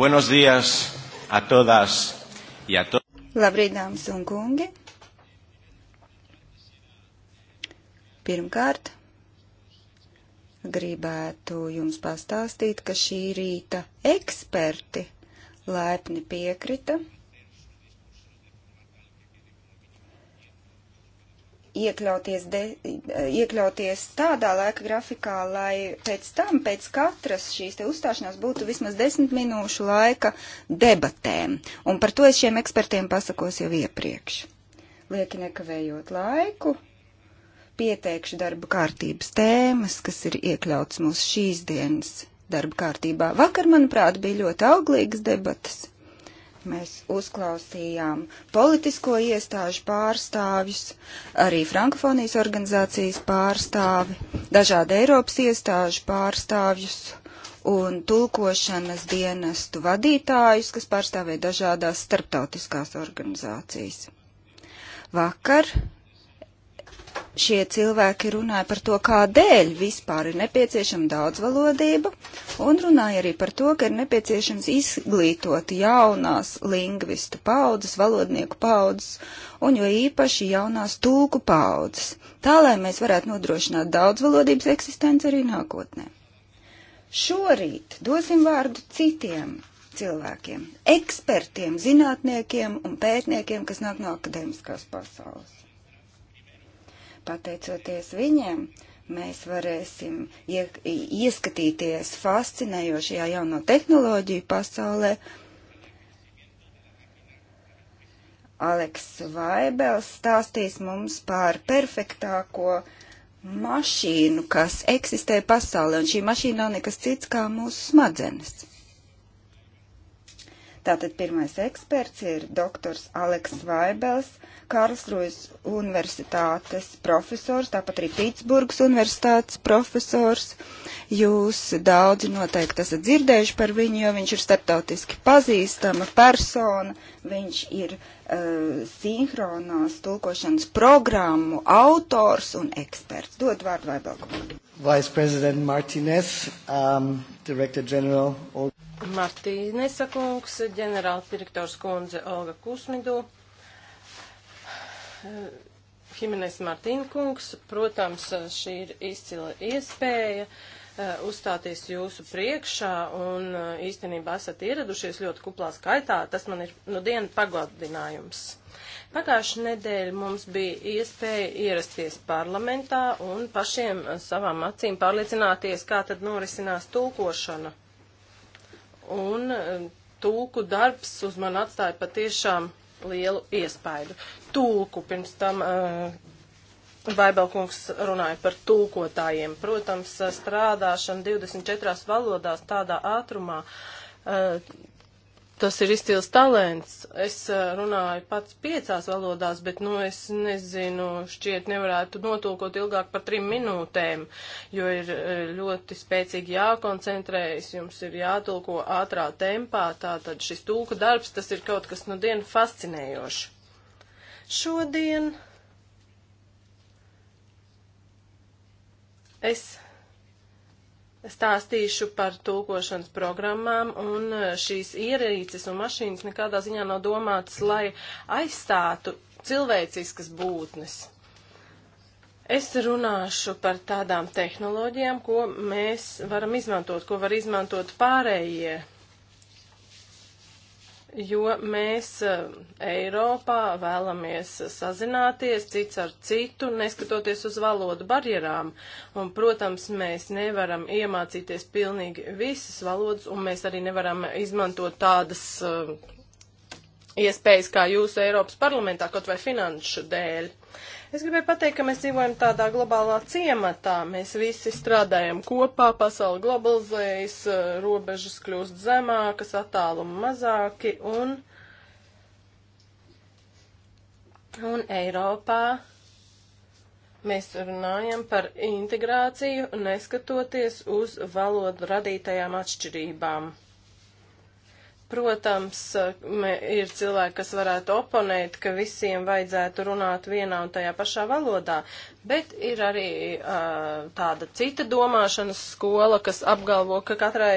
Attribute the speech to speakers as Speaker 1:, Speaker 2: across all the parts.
Speaker 1: Buenos días
Speaker 2: a todas y a todos. Labrīt, dāmas un kungi. Pirmkārt, gribētu jums pastāstīt, ka šī rīta eksperti laipni piekrita iekļauties, de, iekļauties tādā laika grafikā, lai pēc tam, pēc katras šīs te uzstāšanās būtu vismaz desmit minūšu laika debatēm. Un par to es šiem ekspertiem pasakos jau iepriekš. Lieki nekavējot laiku, pieteikšu darba kārtības tēmas, kas ir iekļauts mūsu šīs dienas darba kārtībā. Vakar, manuprāt, bija ļoti auglīgas debatas. Mēs uzklausījām politisko iestāžu pārstāvjus, arī frankofonijas organizācijas pārstāvi, dažādu Eiropas iestāžu pārstāvjus un tulkošanas dienestu vadītājus, kas pārstāvēja dažādās starptautiskās organizācijas. Vakar šie cilvēki runāja par to, kādēļ vispār ir nepieciešama daudzvalodība, un runāja arī par to, ka ir nepieciešams izglītot jaunās lingvistu paudzes, valodnieku paudzes, un jo īpaši jaunās tulku paudzes, tā lai mēs varētu nodrošināt daudzvalodības eksistenci arī nākotnē. Šorīt dosim vārdu citiem cilvēkiem, ekspertiem, zinātniekiem un pētniekiem, kas nāk no akadēmiskās pasaules. Pateicoties viņiem, mēs varēsim ieskatīties fascinējošajā jauno tehnoloģiju pasaulē. Aleks Vaibels stāstīs mums par perfektāko mašīnu, kas eksistē pasaulē, un šī mašīna nav nekas cits kā mūsu smadzenes. Tātad pirmais eksperts ir doktors Aleks Vaibels. Uh, Karlsrujas universitātes profesors, tāpat arī Pitsburgas universitātes profesors. Jūs daudzi noteikti esat dzirdējuši par viņu, jo viņš ir starptautiski pazīstama persona. Viņš ir uh, sinhronās tulkošanas programmu autors un eksperts. Dod vārdu Vaibelgumam. Vice President Martinez, um, Director General Olga.
Speaker 3: Martīnesa kungs, ģenerāldirektors kundze Olga Kusmidu Himenes Martīnkungs, protams, eh, šī ir izcila iespēja eh, uzstāties jūsu priekšā un eh, īstenībā esat ieradušies ļoti kuplā skaitā. Tas man ir nu no dienu pagodinājums. Pagājušajā nedēļā mums bija iespēja ierasties parlamentā un pašiem savām acīm pārliecināties, kā tad norisinās tulkošana. Un tulku darbs uz mani atstāja patiešām lielu iespaidu. Tulku pirms tam uh, Vaibelkungs runāja par tulkotājiem. Protams, eh, strādāšana 24 valodās tādā ātrumā. Uh, Tas ir izcils talants. Es runāju pats piecās valodās, bet, nu, es nezinu, šķiet nevarētu notulkot ilgāk par trim minūtēm, jo ir ļoti spēcīgi jākoncentrējas, jums ir jātulko ātrā tempā, tātad šis tulka darbs, tas ir kaut kas, nu, dienu fascinējoši. Šodien es stāstīšu par tulkošanas programmām, un e, šīs ierīces un mašīnas nekādā ziņā nav domātas, lai aizstātu cilvēciskas būtnes. Es runāšu par tādām tehnoloģijām, ko mēs varam izmantot, ko var izmantot pārējie jo mēs eh, Eiropā vēlamies sazināties cits ar citu, neskatoties uz valodu barjerām. Un, protams, mēs nevaram iemācīties pilnīgi visas valodas, un mēs arī nevaram izmantot tādas uh, iespējas kā jūsu Eiropas parlamentā, kaut vai finanšu dēļ. Uh, Es gribēju pateikt, ka mēs dzīvojam tādā globālā ciematā. Mēs visi strādājam kopā, pasauli globalizējas, robežas kļūst zemākas, attālumi mazāki un, un Eiropā. Mēs runājam par integrāciju, neskatoties uz valodu radītajām atšķirībām. Protams, ir cilvēki, kas varētu oponēt, ka visiem vajadzētu runāt vienā un tajā pašā valodā, bet ir arī uh, tāda cita domāšanas skola, kas apgalvo, ka katrai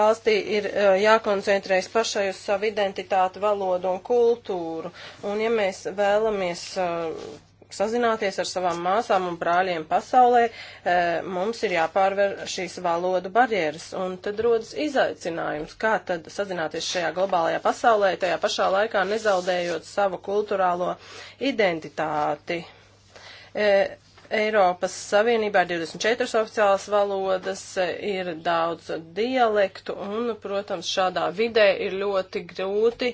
Speaker 3: valstī ir uh, jākoncentrējas pašai uz savu identitāti, valodu un kultūru. Un ja mēs vēlamies uh, sazināties ar savām māsām un brāļiem pasaulē, eh, mums ir jāpārver šīs valodu barjeras. Un tad rodas izaicinājums, kā tad sazināties šajā globālajā pasaulē, tajā pašā laikā nezaudējot savu kulturālo identitāti. Eh, Eiropas Savienībā ir 24 oficiālas valodas, ir daudz dialektu un, protams, šādā vidē ir ļoti grūti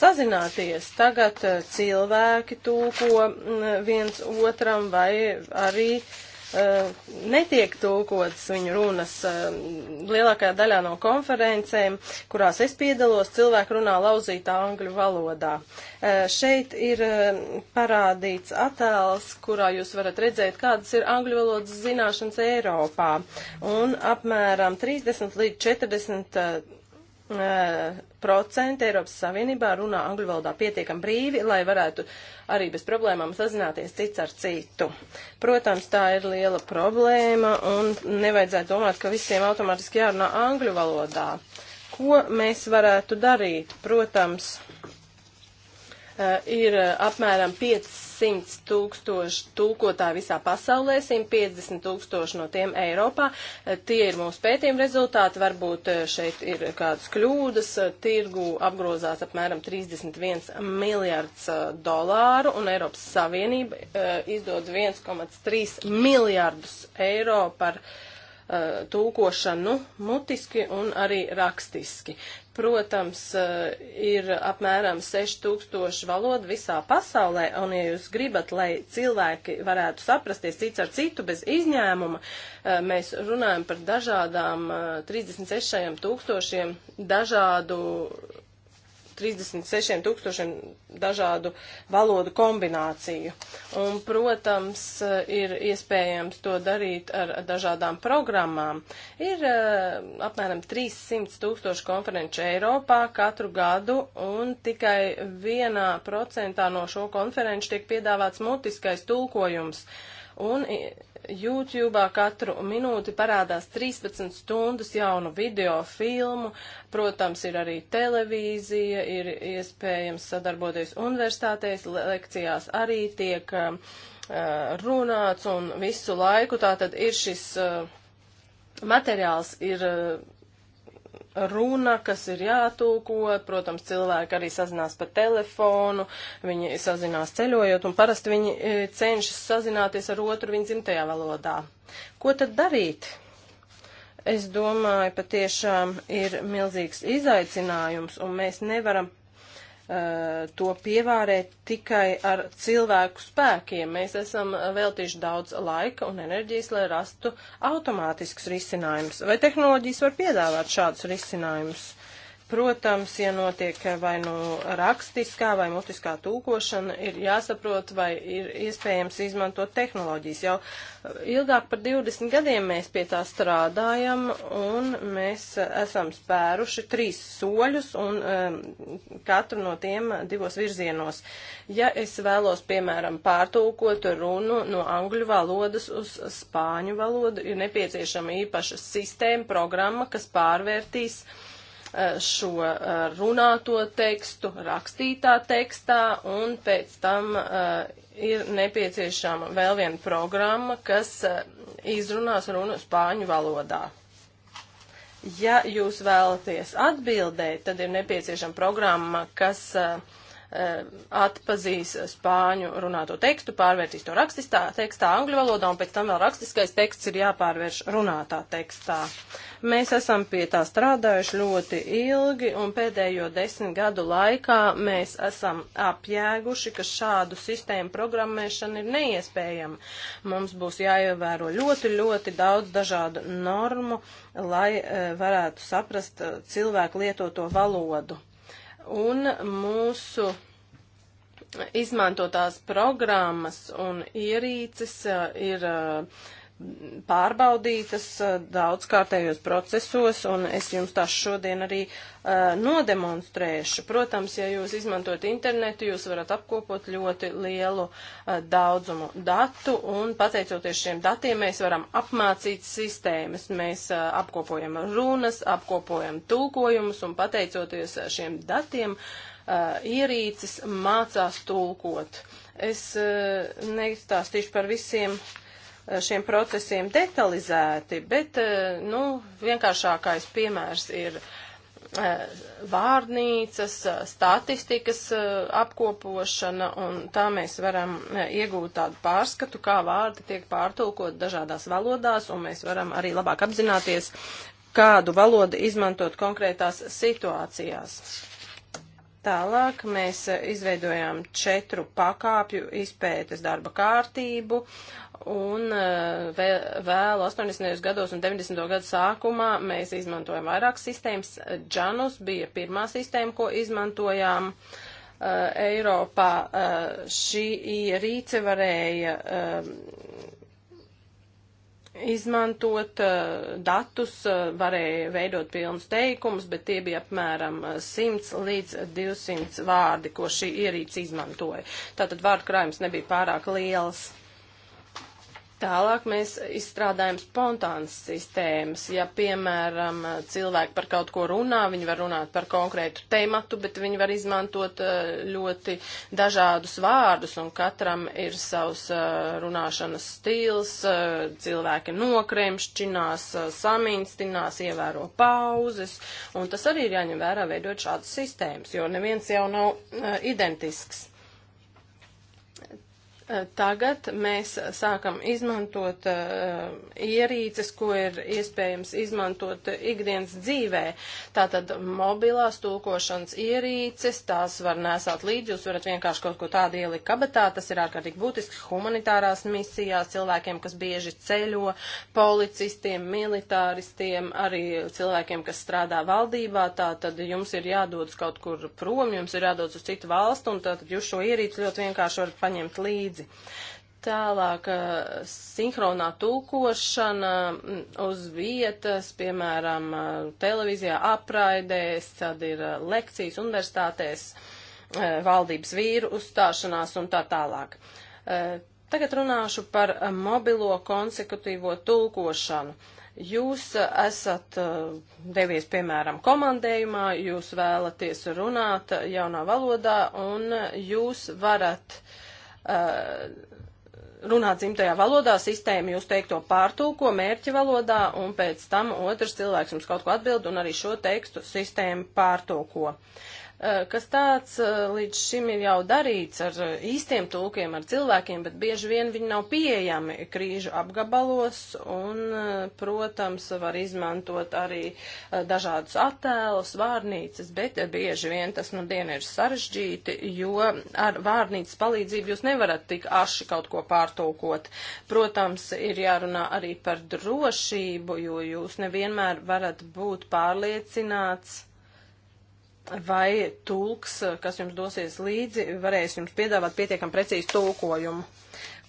Speaker 3: sazināties. Tagad eh, cilvēki tūko mm, viens otram vai arī uh, Eh, netiek tulkotas viņu runas. Eh, lielākajā daļā no konferencēm, kurās es piedalos, cilvēki runā lauzītā angļu valodā. Eh, šeit ir parādīts attēls, kurā jūs varat redzēt, kādas ir angļu valodas zināšanas Eiropā. Un apmēram 30 līdz 40 procenti Eiropas Savienībā runā angļu valodā pietiekam brīvi, lai varētu arī bez problēmām sazināties cits ar citu. Protams, tā ir liela problēma un nevajadzētu domāt, ka visiem automātiski jārunā angļu valodā. Ko mēs varētu darīt? Protams, eh, ir eh, apmēram 5 100 tūkstoši tūkotāji visā pasaulē, 150 tūkstoši no tiem Eiropā. Eh, tie ir mūsu pētījuma rezultāti, varbūt eh, šeit ir kādas kļūdas. Eh, tirgu apgrozās apmēram 31 miljards dolāru un Eiropas Savienība izdod 1,3 miljardus eiro par tūkošanu mutiski un arī rakstiski. Protams, eh, ir apmēram 6000 valodu visā pasaulē, un ja jūs gribat, lai cilvēki varētu saprasties cits ar citu bez izņēmuma, eh, mēs runājam par dažādām 36 eh, tūkstošiem dažādu 36 tūkstošiem dažādu valodu kombināciju. Un, protams, ir iespējams to darīt ar dažādām programmām. Ir eh, apmēram 300 tūkstoši konferenču Eiropā katru gadu, un tikai vienā procentā no šo konferenču tiek piedāvāts mutiskais tulkojums. Un YouTube katru minūti parādās 13 stundas jaunu video filmu, protams, ir arī televīzija, ir iespējams sadarboties universitātēs, lekcijās arī tiek um, uh, runāts un visu laiku tātad ir šis uh, materiāls ir uh, runa, kas ir jātūko, protams, cilvēki arī sazinās pa telefonu, viņi sazinās ceļojot, un parasti viņi e, cenšas sazināties ar otru viņa dzimtajā valodā. Ko tad darīt? Es domāju, patiešām ir milzīgs izaicinājums, un mēs nevaram Uh, to pievārēt tikai ar cilvēku spēkiem. Mēs esam veltījuši daudz laika un enerģijas, lai rastu automātiskus risinājumus. Vai tehnoloģijas var piedāvāt šādus risinājumus? Uh, Protams, ja notiek vai nu no rakstiskā vai mutiskā tūkošana, ir jāsaprot, vai ir iespējams izmantot tehnoloģijas. Jau ilgāk par 20 gadiem mēs pie tā strādājam, un mēs esam spēruši trīs soļus, un um, katru no tiem divos virzienos. Ja es vēlos, piemēram, pārtūkot runu no angļu valodas uz spāņu valodu, ir nepieciešama īpaša sistēma, programma, kas pārvērtīs uh, Eh, šo eh, runāto tekstu rakstītā tekstā un pēc tam eh, ir nepieciešama vēl viena programma, kas izrunās runu spāņu valodā. Ja jūs vēlaties atbildēt, tad ir nepieciešama programma, kas uh, Eh, atpazīs spāņu runāto tekstu, pārvērtīs to rakstistā tekstā angļu valodā, un pēc tam vēl rakstiskais teksts ir jāpārvērš runātā tekstā. Mēs esam pie tā strādājuši ļoti ilgi, un pēdējo desmit gadu laikā mēs esam apjēguši, ka šādu sistēmu programmēšana ir neiespējama. Mums būs jāievēro ļoti, ļoti daudz dažādu normu, lai eh, varētu saprast eh, cilvēku lietoto valodu. Un mūsu izmantotās programmas un ierīces uh, ir uh, pārbaudītas daudzkārtējos procesos, un es jums tās šodien arī uh, nodemonstrēšu. Protams, ja jūs izmantojat internetu, jūs varat apkopot ļoti lielu uh, daudzumu datu, un pateicoties šiem datiem, mēs varam apmācīt sistēmas. Mēs uh, apkopojam runas, apkopojam tulkojumus, un pateicoties šiem datiem, ierīces mācās tulkot. Es nestāstīšu par visiem Eh, šiem procesiem detalizēti, bet, eh, nu, vienkāršākais piemērs ir eh, vārnīcas, statistikas apkopošana, un tā mēs varam iegūt tādu pārskatu, kā vārdi tiek pārtulkot dažādās valodās, un mēs varam arī labāk apzināties, kādu valodu izmantot konkrētās situācijās. Tālāk mēs e, izveidojām četru pakāpju izpētes darba kārtību un e, vēl 80. gados un 90. gadu sākumā mēs izmantojām vairākas sistēmas. Džanus bija pirmā sistēma, ko izmantojām. E, Eiropā šī ierīce varēja izmantot eh, datus, eh, varēja veidot pilnus teikumus, bet tie bija apmēram 100 eh, līdz 200 vārdi, ko šī ierīce izmantoja. Tātad vārdu krājums nebija pārāk liels. Tālāk mēs izstrādājam spontānas sistēmas. Ja, piemēram, cilvēki par kaut ko runā, viņi var runāt par konkrētu tematu, bet viņi var izmantot eh, ļoti dažādus vārdus, un katram ir savs eh, runāšanas stils. Eh, cilvēki nokremšķinās, samīnstinās, ievēro pauzes, un tas arī ir jāņem vērā veidot šādas sistēmas, jo neviens jau nav identisks. Tagad mēs sākam izmantot uh, ierīces, ko ir iespējams izmantot ikdienas dzīvē. Tātad mobilās tulkošanas ierīces, tās var nesāt līdzi, jūs varat vienkārši kaut ko tādu ielikt kabatā, tas ir ārkārtīgi būtiski humanitārās misijās, cilvēkiem, kas bieži ceļo, policistiem, militāristiem, arī cilvēkiem, kas strādā valdībā, tātad jums ir jādodas kaut kur prom, jums ir jādodas uz citu valstu, un tātad jūs šo ierīci ļoti vienkārši varat paņemt līdzi pieredzi. Tālāk, sinhronā tulkošana uz vietas, piemēram, televīzijā apraidēs, tad ir lekcijas universitātēs, valdības vīru uzstāšanās un tā tālāk. Tagad runāšu par mobilo konsekutīvo tulkošanu. Jūs esat devies, piemēram, komandējumā, jūs vēlaties runāt jaunā valodā un jūs varat uh, Uh, runā dzimtajā valodā, sistēma jūs teikto pārtulko mērķa valodā, un pēc tam otrs cilvēks jums kaut ko atbild, un arī šo tekstu sistēma pārtulko. Eh, kas tāds eh, līdz šim ir jau darīts ar eh, īstiem tūkiem, ar cilvēkiem, bet bieži vien viņi nav pieejami krīžu apgabalos un, protams, var izmantot arī dažādus attēlus, vārnīcas, bet bieži vien tas nu dien ir sarežģīti, jo ar vārnīcas palīdzību jūs nevarat tik aši kaut ko pārtulkot. Protams, ir jārunā arī par drošību, jo jūs nevienmēr varat būt pārliecināts, vai tulks, kas jums dosies līdzi, varēs jums piedāvāt pietiekam precīzu tulkojumu.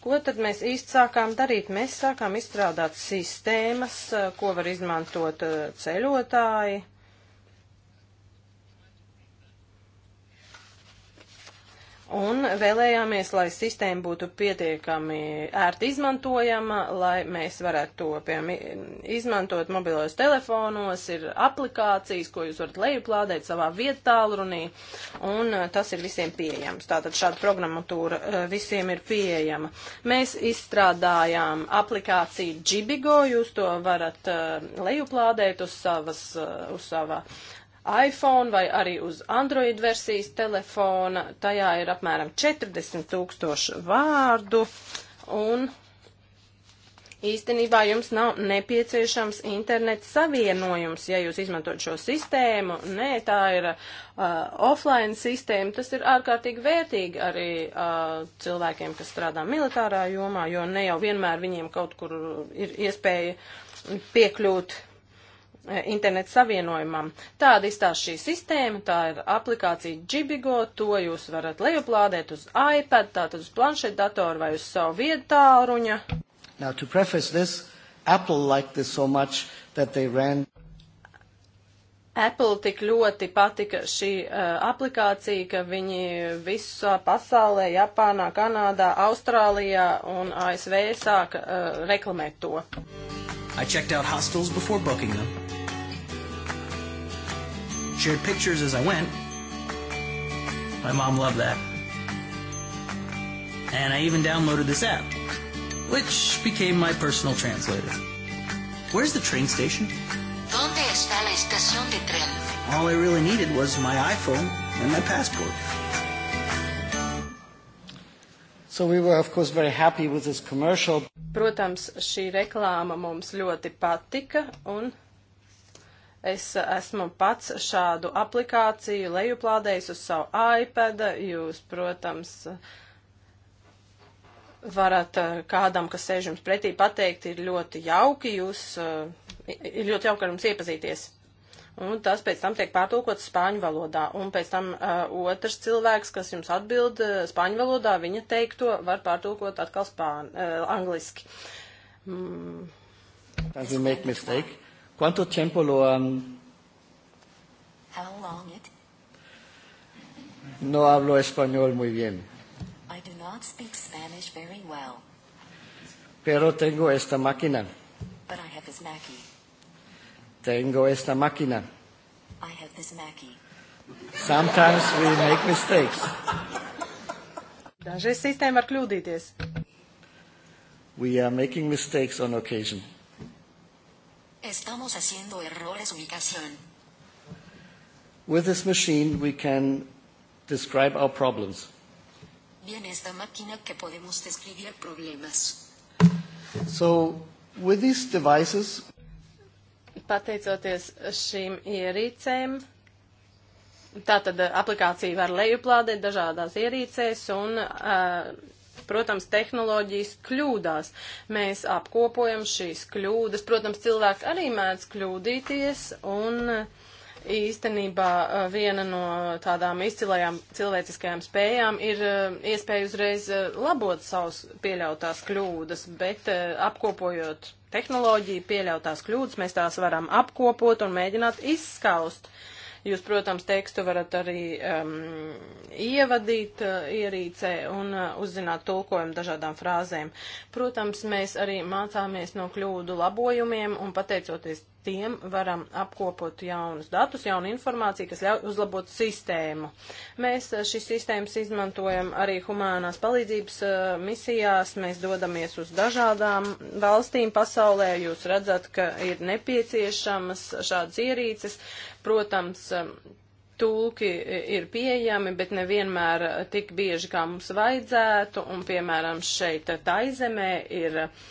Speaker 3: Ko tad mēs īsti sākām darīt? Mēs sākām izstrādāt sistēmas, ko var izmantot eh, ceļotāji, un vēlējāmies, lai sistēma būtu pietiekami ērti izmantojama, lai mēs varētu to, piemēram, izmantot mobilos telefonos, ir aplikācijas, ko jūs varat lejuplādēt savā vietālrunī, un uh, tas ir visiem pieejams. Tātad šāda programmatūra uh, visiem ir pieejama. Mēs izstrādājām aplikāciju Gibigo, jūs to varat uh, lejuplādēt uz savas, uz savā iPhone vai arī uz Android versijas telefona. Tajā ir apmēram 40 tūkstoši vārdu un īstenībā jums nav nepieciešams internets savienojums, ja jūs izmantot šo sistēmu. Nē, tā ir uh, offline sistēma. Tas ir ārkārtīgi vērtīgi arī uh, cilvēkiem, kas strādā militārā jomā, jo ne jau vienmēr viņiem kaut kur ir iespēja piekļūt E, internetu savienojumam. Tāda izstās šī sistēma, tā ir aplikācija Gibigo, to jūs varat lejuplādēt uz iPad, tātad uz planšetdatoru vai uz savu viedu tālruņa.
Speaker 1: Now, to preface this, Apple liked this so much that they
Speaker 2: ran
Speaker 3: Apple tik ļoti patika šī uh, aplikācija, ka viņi visā pasaulē, Japānā, Kanādā, Austrālijā un ASV sāka uh, reklamēt to. I checked out hostels before booking them shared pictures as I went. My mom loved that. And I even downloaded this app, which became my personal translator. Where's the train station?
Speaker 2: ¿Dónde está la estación de tren?
Speaker 3: All I really needed was my iPhone and my
Speaker 1: passport. So we were, of course, very happy with this commercial.
Speaker 3: Protams, šī reklāma mums ļoti patika, un Es esmu pats šādu aplikāciju lejuplādējis uz savu iPad. Jūs, protams, varat eh, kādam, kas sēž jums pretī, pateikt, ir ļoti jauki jūs, eh, ir ļoti jauki ar jums iepazīties. Un tas pēc tam tiek pārtulkots spāņu valodā. Un pēc tam uh, otrs cilvēks, kas jums atbild uh, spāņu valodā, viņa teikto var pārtulkot atkal spāņu, uh, angliski. Mm. Does he make mistake?
Speaker 1: Quanto tempo lo han...
Speaker 3: How long it? No hablo español muy bien.
Speaker 2: I do not speak Spanish very well.
Speaker 3: Pero tengo esta máquina.
Speaker 1: But I have this Mackie. Tengo esta máquina.
Speaker 3: I have this Mackie.
Speaker 1: Sometimes we make mistakes.
Speaker 3: Dažreiz sistēma var kļūdīties.
Speaker 1: We are making mistakes on occasion.
Speaker 3: Estamos
Speaker 2: haciendo errores ubicación.
Speaker 1: With this machine we can describe our problems. Bien, esta máquina que podemos describir
Speaker 3: problemas.
Speaker 1: So, with these devices,
Speaker 3: pateicoties šīm ierīcēm, tātad eh, aplikācija var lejuplādēt dažādās ierīcēs un uh, Protams, tehnoloģijas kļūdās. Mēs apkopojam šīs kļūdas. Protams, cilvēki arī mēdz kļūdīties un īstenībā viena no tādām izcilajām cilvēciskajām spējām ir iespēja uzreiz labot savus pieļautās kļūdas, bet apkopojot tehnoloģiju pieļautās kļūdas, mēs tās varam apkopot un mēģināt izskaust. Uh, Jūs, protams, tekstu varat arī um, ievadīt uh, ierīcē un uh, uzzināt tulkojumu dažādām frāzēm. Protams, mēs arī mācāmies no kļūdu labojumiem un pateicoties tiem varam apkopot jaunus datus, jaunu informāciju, kas ļauj uzlabot sistēmu. Mēs eh, šīs sistēmas izmantojam arī humānās palīdzības eh, misijās, mēs dodamies uz dažādām valstīm pasaulē, jūs redzat, ka ir nepieciešamas šādas ierīces, protams, eh, tulki ir pieejami, bet nevienmēr tik bieži, kā mums vajadzētu, un, piemēram, šeit taizemē ir uh,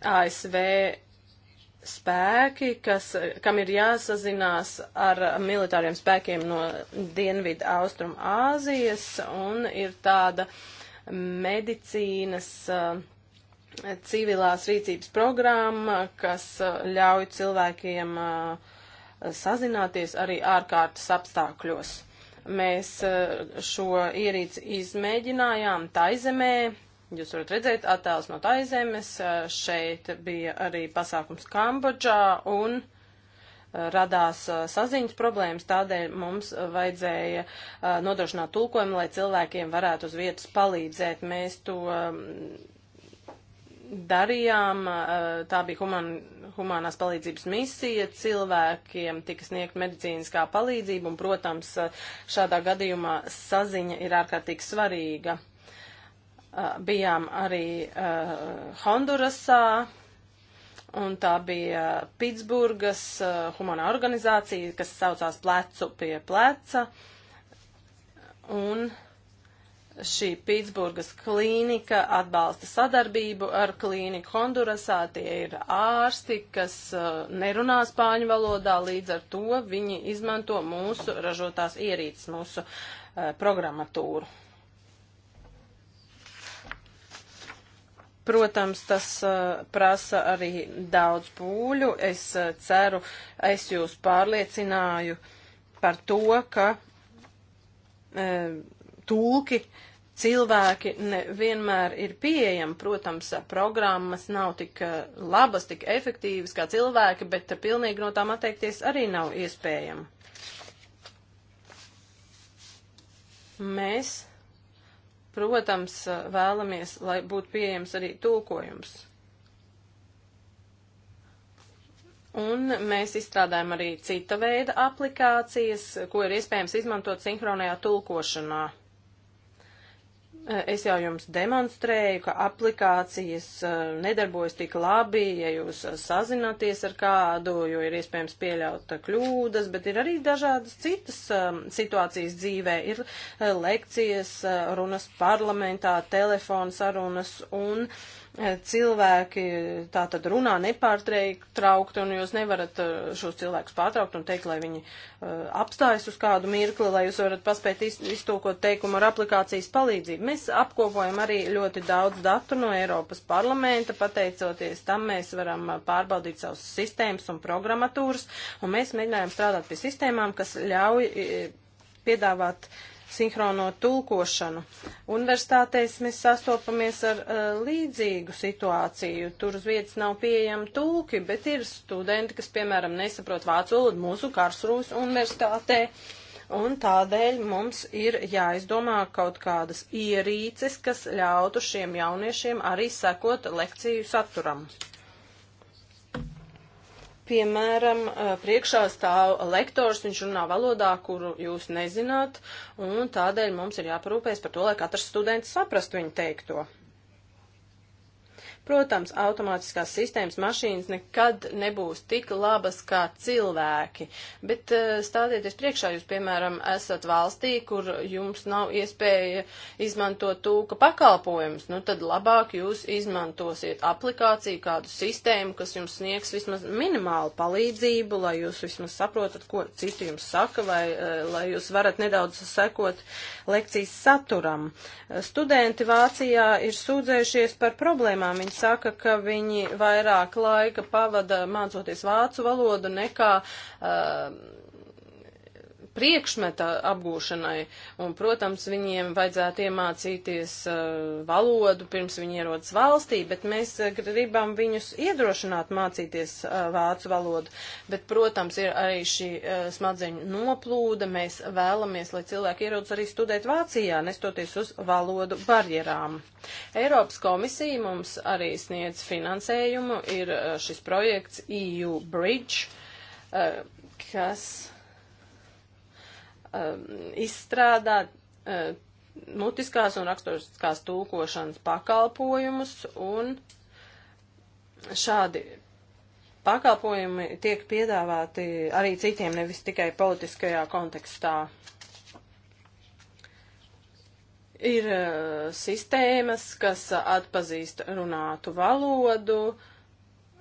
Speaker 3: ASV spēki, kas, kam ir jāsazinās ar militāriem spēkiem no Dienvidu Austrum Āzijas un ir tāda medicīnas uh, civilās rīcības programma, kas uh, ļauj cilvēkiem uh, sazināties arī ārkārtas apstākļos. Mēs šo ierīci izmēģinājām Taizemē, Jūs varat redzēt attēls no Taizemes, eh, šeit bija arī pasākums Kambodžā un eh, radās eh, saziņas problēmas, tādēļ mums vajadzēja nodrošināt tulkojumu, lai cilvēkiem varētu uz vietas palīdzēt. Mēs to mm, darījām, tā bija human, humanās palīdzības misija, cilvēkiem tika sniegt medicīniskā palīdzība, un, protams, šādā gadījumā saziņa ir ārkārtīgi svarīga bijām arī uh, Hondurasā, un tā bija Pitsburgas uh, humanā organizācija, kas saucās Plecu pie pleca, un šī Pitsburgas klīnika atbalsta sadarbību ar klīniku Hondurasā, tie ir ārsti, kas uh, nerunā spāņu valodā, līdz ar to viņi izmanto mūsu ražotās ierīces, mūsu uh, programmatūru. Protams, tas uh, prasa arī daudz pūļu. Es uh, ceru, es jūs pārliecināju par to, ka uh, tulki cilvēki nevienmēr ir pieejami. Protams, programmas nav tik labas, tik efektīvas kā cilvēki, bet pilnīgi no tām atteikties arī nav iespējama. Mēs protams, vēlamies, lai būtu pieejams arī tulkojums. Un mēs izstrādājam arī cita veida aplikācijas, ko ir iespējams izmantot sinhronajā tulkošanā. Es jau jums demonstrēju, ka aplikācijas eh, nedarbojas tik labi, ja jūs eh, sazināties ar kādu, jo ir iespējams pieļaut eh, kļūdas, bet ir arī dažādas citas situācijas dzīvē. Ir lekcijas, runas parlamentā, telefons, sarunas un. Uh, cilvēki tā tad runā nepārtraukti, un jūs nevarat uh, šos cilvēkus pārtraukt un teikt, lai viņi uh, apstājas uz kādu mirkli, lai jūs varat paspēt iztūkot teikumu ar aplikācijas palīdzību. Mēs apkopojam arī ļoti daudz datu no Eiropas parlamenta, pateicoties tam mēs varam uh, pārbaudīt savus sistēmas un programmatūras, un mēs mēģinājām strādāt pie sistēmām, kas ļauj piedāvāt uh, sinhrono tulkošanu. Universitātēs mēs sastopamies ar uh, līdzīgu situāciju. Tur uz vietas nav pieejami tulki, bet ir studenti, kas, piemēram, nesaprot vācu valodu mūsu Karsrūs universitātē. Un tādēļ mums ir jāizdomā kaut kādas ierīces, kas ļautu šiem jauniešiem arī sekot lekciju saturam piemēram, priekšā stāv lektors, viņš runā valodā, kuru jūs nezināt, un tādēļ mums ir jāparūpēs par to, lai katrs students saprastu viņu teikto. Protams, automātiskās sistēmas mašīnas nekad nebūs tik labas kā cilvēki, bet eh, stādieties priekšā, jūs, piemēram, esat valstī, kur jums nav iespēja izmantot tūka pakalpojumus, nu tad labāk jūs izmantosiet aplikāciju, kādu sistēmu, kas jums sniegs vismaz minimālu palīdzību, lai jūs vismaz saprotat, ko citi jums saka, vai eh, lai jūs varat nedaudz sekot lekcijas saturam. Studenti Vācijā ir sūdzējušies par problēmām. Viņi saka, ka viņi vairāk laika pavada mācoties vācu valodu nekā uh, priekšmeta apgūšanai, un, protams, viņiem vajadzētu iemācīties eh, valodu pirms viņi ierodas valstī, bet mēs eh, gribam viņus iedrošināt mācīties eh, vācu valodu, bet, protams, ir arī šī smadzeņu noplūda, mēs vēlamies, lai cilvēki ierodas arī studēt Vācijā, nestoties uz valodu barjerām. Eiropas komisija mums arī sniedz finansējumu, ir šis projekts EU Bridge, kas um, izstrādāt um, uh, mutiskās un raksturiskās tulkošanas pakalpojumus, un šādi pakalpojumi tiek piedāvāti arī citiem, nevis tikai politiskajā kontekstā. Ir uh, sistēmas, kas atpazīst runātu valodu, uh,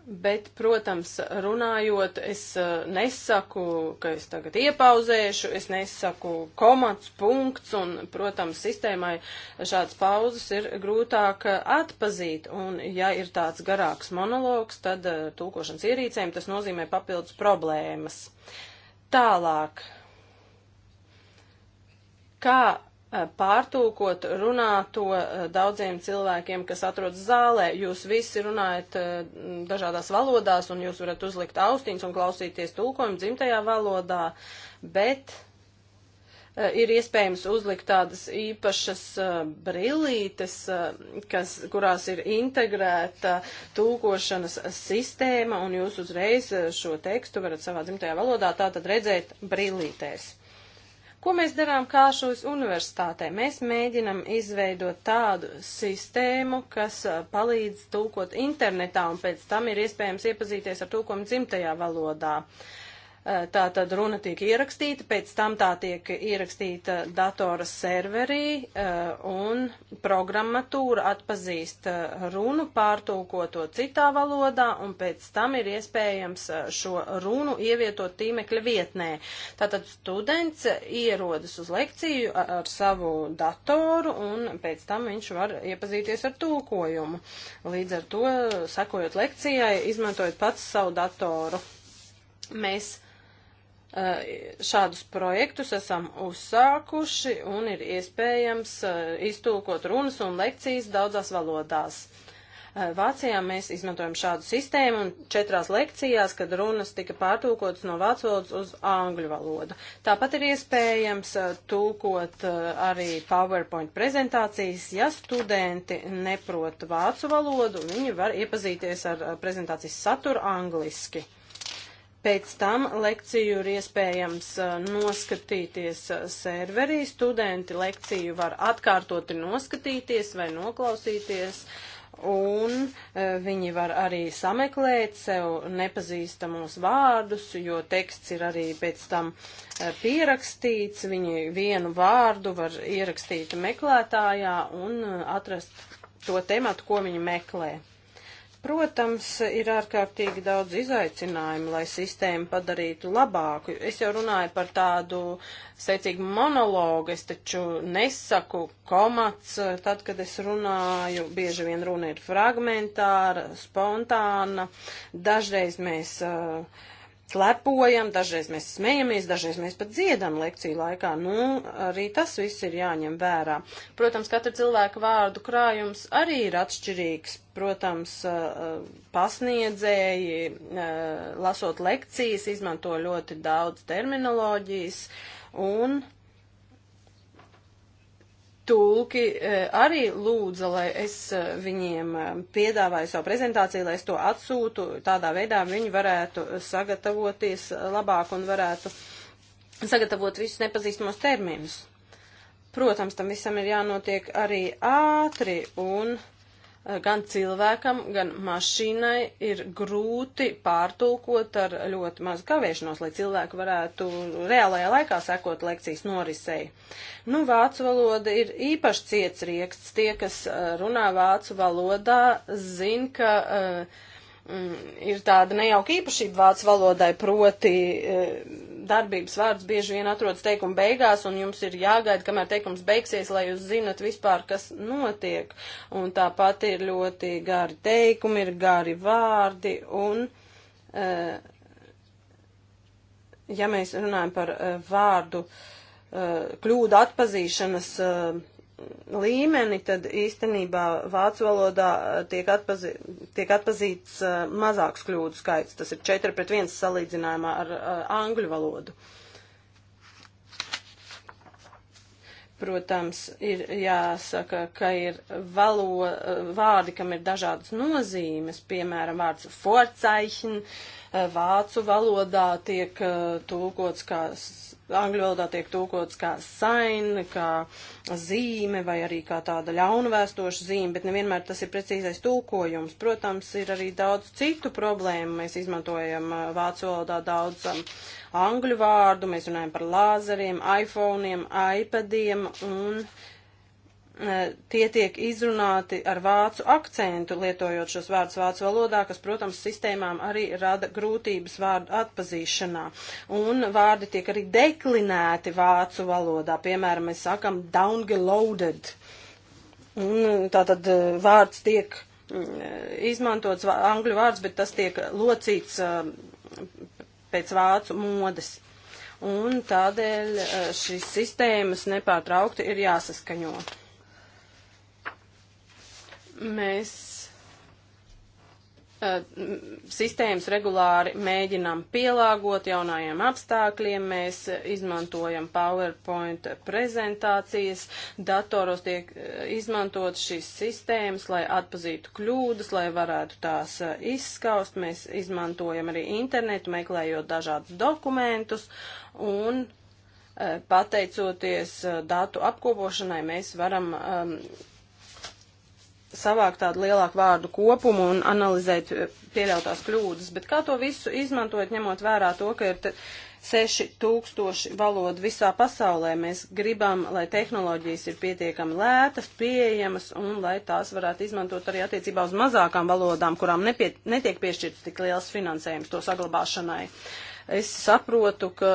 Speaker 3: Bet, protams, runājot, es uh, nesaku, ka es tagad iepauzēšu, es nesaku komats, punkts, un, protams, sistēmai šāds pauzes ir grūtāk uh, atpazīt, un ja ir tāds garāks monologs, tad uh, tūkošanas ierīcēm tas nozīmē papildus problēmas. Tālāk kā Eh, pārtūkot runāto eh, daudziem cilvēkiem, kas atrodas zālē. Jūs visi runājat eh, dažādās valodās, un jūs varat uzlikt austiņas un klausīties tulkojumu dzimtajā valodā, bet ir iespējams uzlikt tādas īpašas brillītes, kas, kurās ir integrēta tulkošanas sistēma, un jūs uzreiz šo tekstu varat savā dzimtajā valodā tātad redzēt brillītēs. Ko mēs darām Kāšuvis universitātē? Mēs mēģinam izveidot tādu sistēmu, kas uh, palīdz tulkot internetā un pēc tam ir iespējams iepazīties ar tulkojumu dzimtajā valodā. Uh, tā tad runa tiek ierakstīta, pēc tam tā tiek ierakstīta datora serverī eh, un programmatūra atpazīst eh, runu, pārtulko to citā valodā un pēc tam ir iespējams eh, šo runu ievietot tīmekļa vietnē. Tātad students ierodas uz lekciju ar savu datoru un pēc tam viņš var iepazīties ar tulkojumu. Līdz ar to, sakojot lekcijai, izmantojot pats savu datoru. Mēs uh, Eh, šādus projektus esam uzsākuši un ir iespējams eh, iztūkot runas un lekcijas daudzās valodās. Eh, Vācijā mēs izmantojam šādu sistēmu un četrās lekcijās, kad runas tika pārtūkotas no vācu valodas uz angļu valodu. Tāpat ir iespējams tūkot arī PowerPoint prezentācijas, ja studenti neprot vācu valodu, viņi var iepazīties ar prezentācijas saturu angliski. Pēc tam lekciju ir iespējams noskatīties serverī. Studenti lekciju var atkārtot noskatīties vai noklausīties, un viņi var arī sameklēt sev nepazīstamos vārdus, jo teksts ir arī pēc tam pierakstīts. Viņi vienu vārdu var ierakstīt meklētājā un atrast to tematu, ko viņi meklē. Protams, ir ārkārtīgi daudz izaicinājumu, lai sistēmu padarītu labāku. Es jau runāju par tādu secīgu monologu, es taču nesaku komats, tad, kad es runāju, bieži vien runa ir fragmentāra, spontāna, dažreiz mēs uh, klepojam, dažreiz mēs smejamies, dažreiz mēs pat dziedam lekciju laikā. Nu, arī tas viss ir jāņem vērā. Protams, katra cilvēka vārdu krājums arī ir atšķirīgs. Protams, eh, eh, pasniedzēji, eh, lasot lekcijas, izmanto ļoti daudz terminoloģijas un tulki eh, arī lūdza, lai es eh, viņiem eh, piedāvāju savu prezentāciju, lai es to atsūtu. Tādā veidā viņi varētu sagatavoties labāk un varētu sagatavot visus nepazīstamos terminus. Protams, tam visam ir jānotiek arī ātri un. Uh, gan cilvēkam, gan mašīnai ir grūti pārtulkot ar ļoti maz kavēšanos, lai cilvēki varētu reālajā laikā sekot lekcijas norisei. Nu, vācu valoda ir īpaši ciets rieksts. Tie, kas uh, runā vācu valodā, zina, ka uh, Mm, ir tāda nejauka īpašība vācu valodai, proti e, darbības vārds bieži vien atrodas teikuma beigās, un jums ir jāgaida, kamēr teikums beigsies, lai jūs zinat vispār, kas notiek. Un tāpat ir ļoti gari teikumi, ir gari vārdi, un, e, ja mēs runājam par e, vārdu kļūdu atpazīšanas līmeni, tad īstenībā vācu valodā eh, tiek, atpazī, tiek atpazīts eh, mazāks kļūdu skaits. Tas ir 4 pret 1 salīdzinājumā ar, ar eh, angļu valodu. Protams, ir jāsaka, ka ir valo, vārdi, kam ir dažādas nozīmes, piemēram, vārds forcaichen vācu valodā tiek tulkots kā angļu valodā tiek tūkots kā sign, kā zīme vai arī kā tāda ļaunvēstoša zīme, bet nevienmēr tas ir precīzais tūkojums. Protams, ir arī daudz citu problēmu. Mēs izmantojam uh, vācu valodā daudz um, angļu vārdu, mēs runājam par lāzeriem, iPhoneiem, iPadiem un tie tiek izrunāti ar vācu akcentu, lietojot šos vārdus vācu valodā, kas, protams, sistēmām arī rada grūtības vārdu atpazīšanā. Un vārdi tiek arī deklinēti vācu valodā. Piemēram, mēs sakam downloaded. Un e, tātad e, vārds tiek e, izmantots, angļu vārds, bet tas tiek locīts pēc vācu modes. Un tādēļ šīs sistēmas nepārtraukti ir jāsaskaņot. Mēs uh, sistēmas regulāri mēģinām pielāgot jaunajiem apstākļiem, mēs izmantojam PowerPoint prezentācijas, datoros tiek uh, izmantot šīs sistēmas, lai atpazītu kļūdas, lai varētu tās uh, izskaust, mēs izmantojam arī internetu, meklējot dažādus dokumentus un pateicoties datu apkopošanai, mēs varam um, savākt tādu lielāku vārdu kopumu un analizēt eh, pieļautās kļūdas, bet kā to visu izmantot, ņemot vērā to, ka ir 6000 valodu visā pasaulē. Mēs gribam, lai tehnoloģijas ir pietiekami lētas, pieejamas un lai tās varētu izmantot arī attiecībā uz mazākām valodām, kurām nepie, netiek piešķirts tik liels finansējums to saglabāšanai. Uh, es saprotu, ka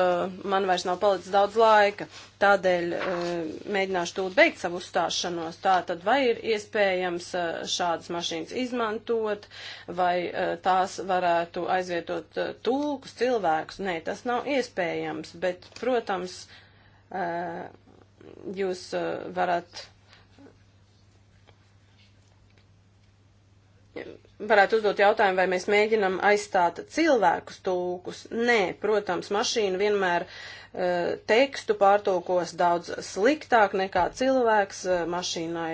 Speaker 3: man vairs nav palicis daudz laika, tādēļ e, mēģināšu tūlīt beigt savu uzstāšanos. Tā tad vai ir iespējams e, šādas mašīnas izmantot, vai e, tās varētu aizvietot tulkus cilvēkus? Nē, tas nav iespējams, bet, protams, jūs varat varētu uzdot jautājumu, vai mēs mēģinam aizstāt cilvēkus tūkus. Nē, protams, mašīna vienmēr uh, tekstu pārtūkos daudz sliktāk nekā cilvēks. Eh, mašīnai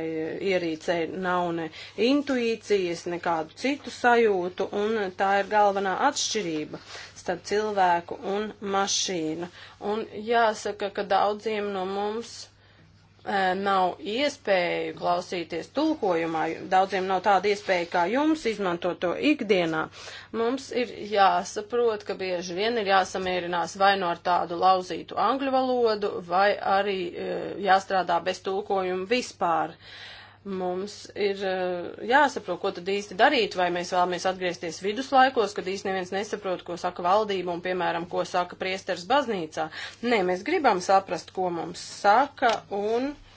Speaker 3: ierīcē nav ne intuīcijas, nekādu citu sajūtu, un tā ir galvenā atšķirība starp cilvēku un mašīnu. Un jāsaka, ka daudziem no mums nav iespēju klausīties tulkojumā, daudziem nav tāda iespēja kā jums izmantot to ikdienā. Mums ir jāsaprot, ka bieži vien ir jāsamierinās vai no nu ar tādu lauzītu angļu valodu, vai arī jāstrādā bez tulkojuma vispār. Uh, mums ir eh, jāsaprot, ko tad īsti darīt, vai mēs vēlamies atgriezties viduslaikos, kad īsti neviens nesaprot, ko saka valdība un, piemēram, ko saka priesteris baznīcā. Nē, mēs gribam saprast, ko mums saka un. Uh,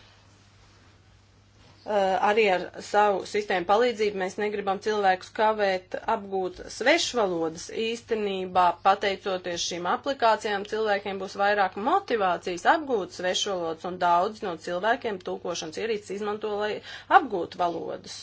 Speaker 3: Eh, arī ar savu sistēmu palīdzību mēs negribam cilvēkus kavēt apgūt svešvalodas. Īstenībā, pateicoties šīm aplikācijām, cilvēkiem būs vairāk motivācijas apgūt svešvalodas, un daudz no cilvēkiem tūkošanas ierīces izmanto, lai apgūtu valodas.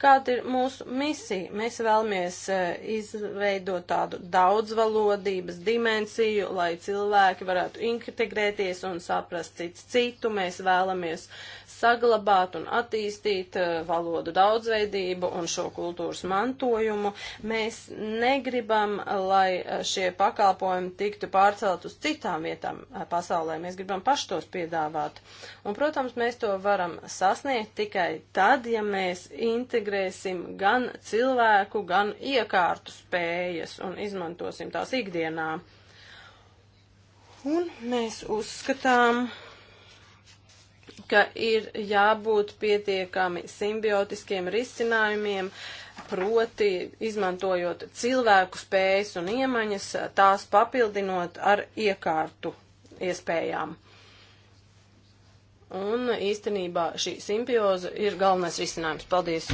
Speaker 3: Kāda ir mūsu misija? Mēs vēlamies eh, izveidot tādu daudzvalodības dimensiju, lai cilvēki varētu integrēties un saprast cits citu. Mēs vēlamies uh, saglabāt un attīstīt eh, valodu daudzveidību un šo kultūras mantojumu. Mēs negribam, lai eh, šie pakalpojumi tiktu pārcelt uz citām vietām eh, pasaulē. Mēs gribam paši tos piedāvāt. Un, protams, mēs to varam sasniegt tikai tad, ja mēs integrēsim gan cilvēku, gan iekārtu spējas un izmantosim tās ikdienā. Un mēs uzskatām, ka ir jābūt pietiekami simbiotiskiem risinājumiem, proti izmantojot cilvēku spējas un iemaņas, tās papildinot ar iekārtu iespējām. Un īstenībā šī simbioza ir galvenais risinājums. Paldies!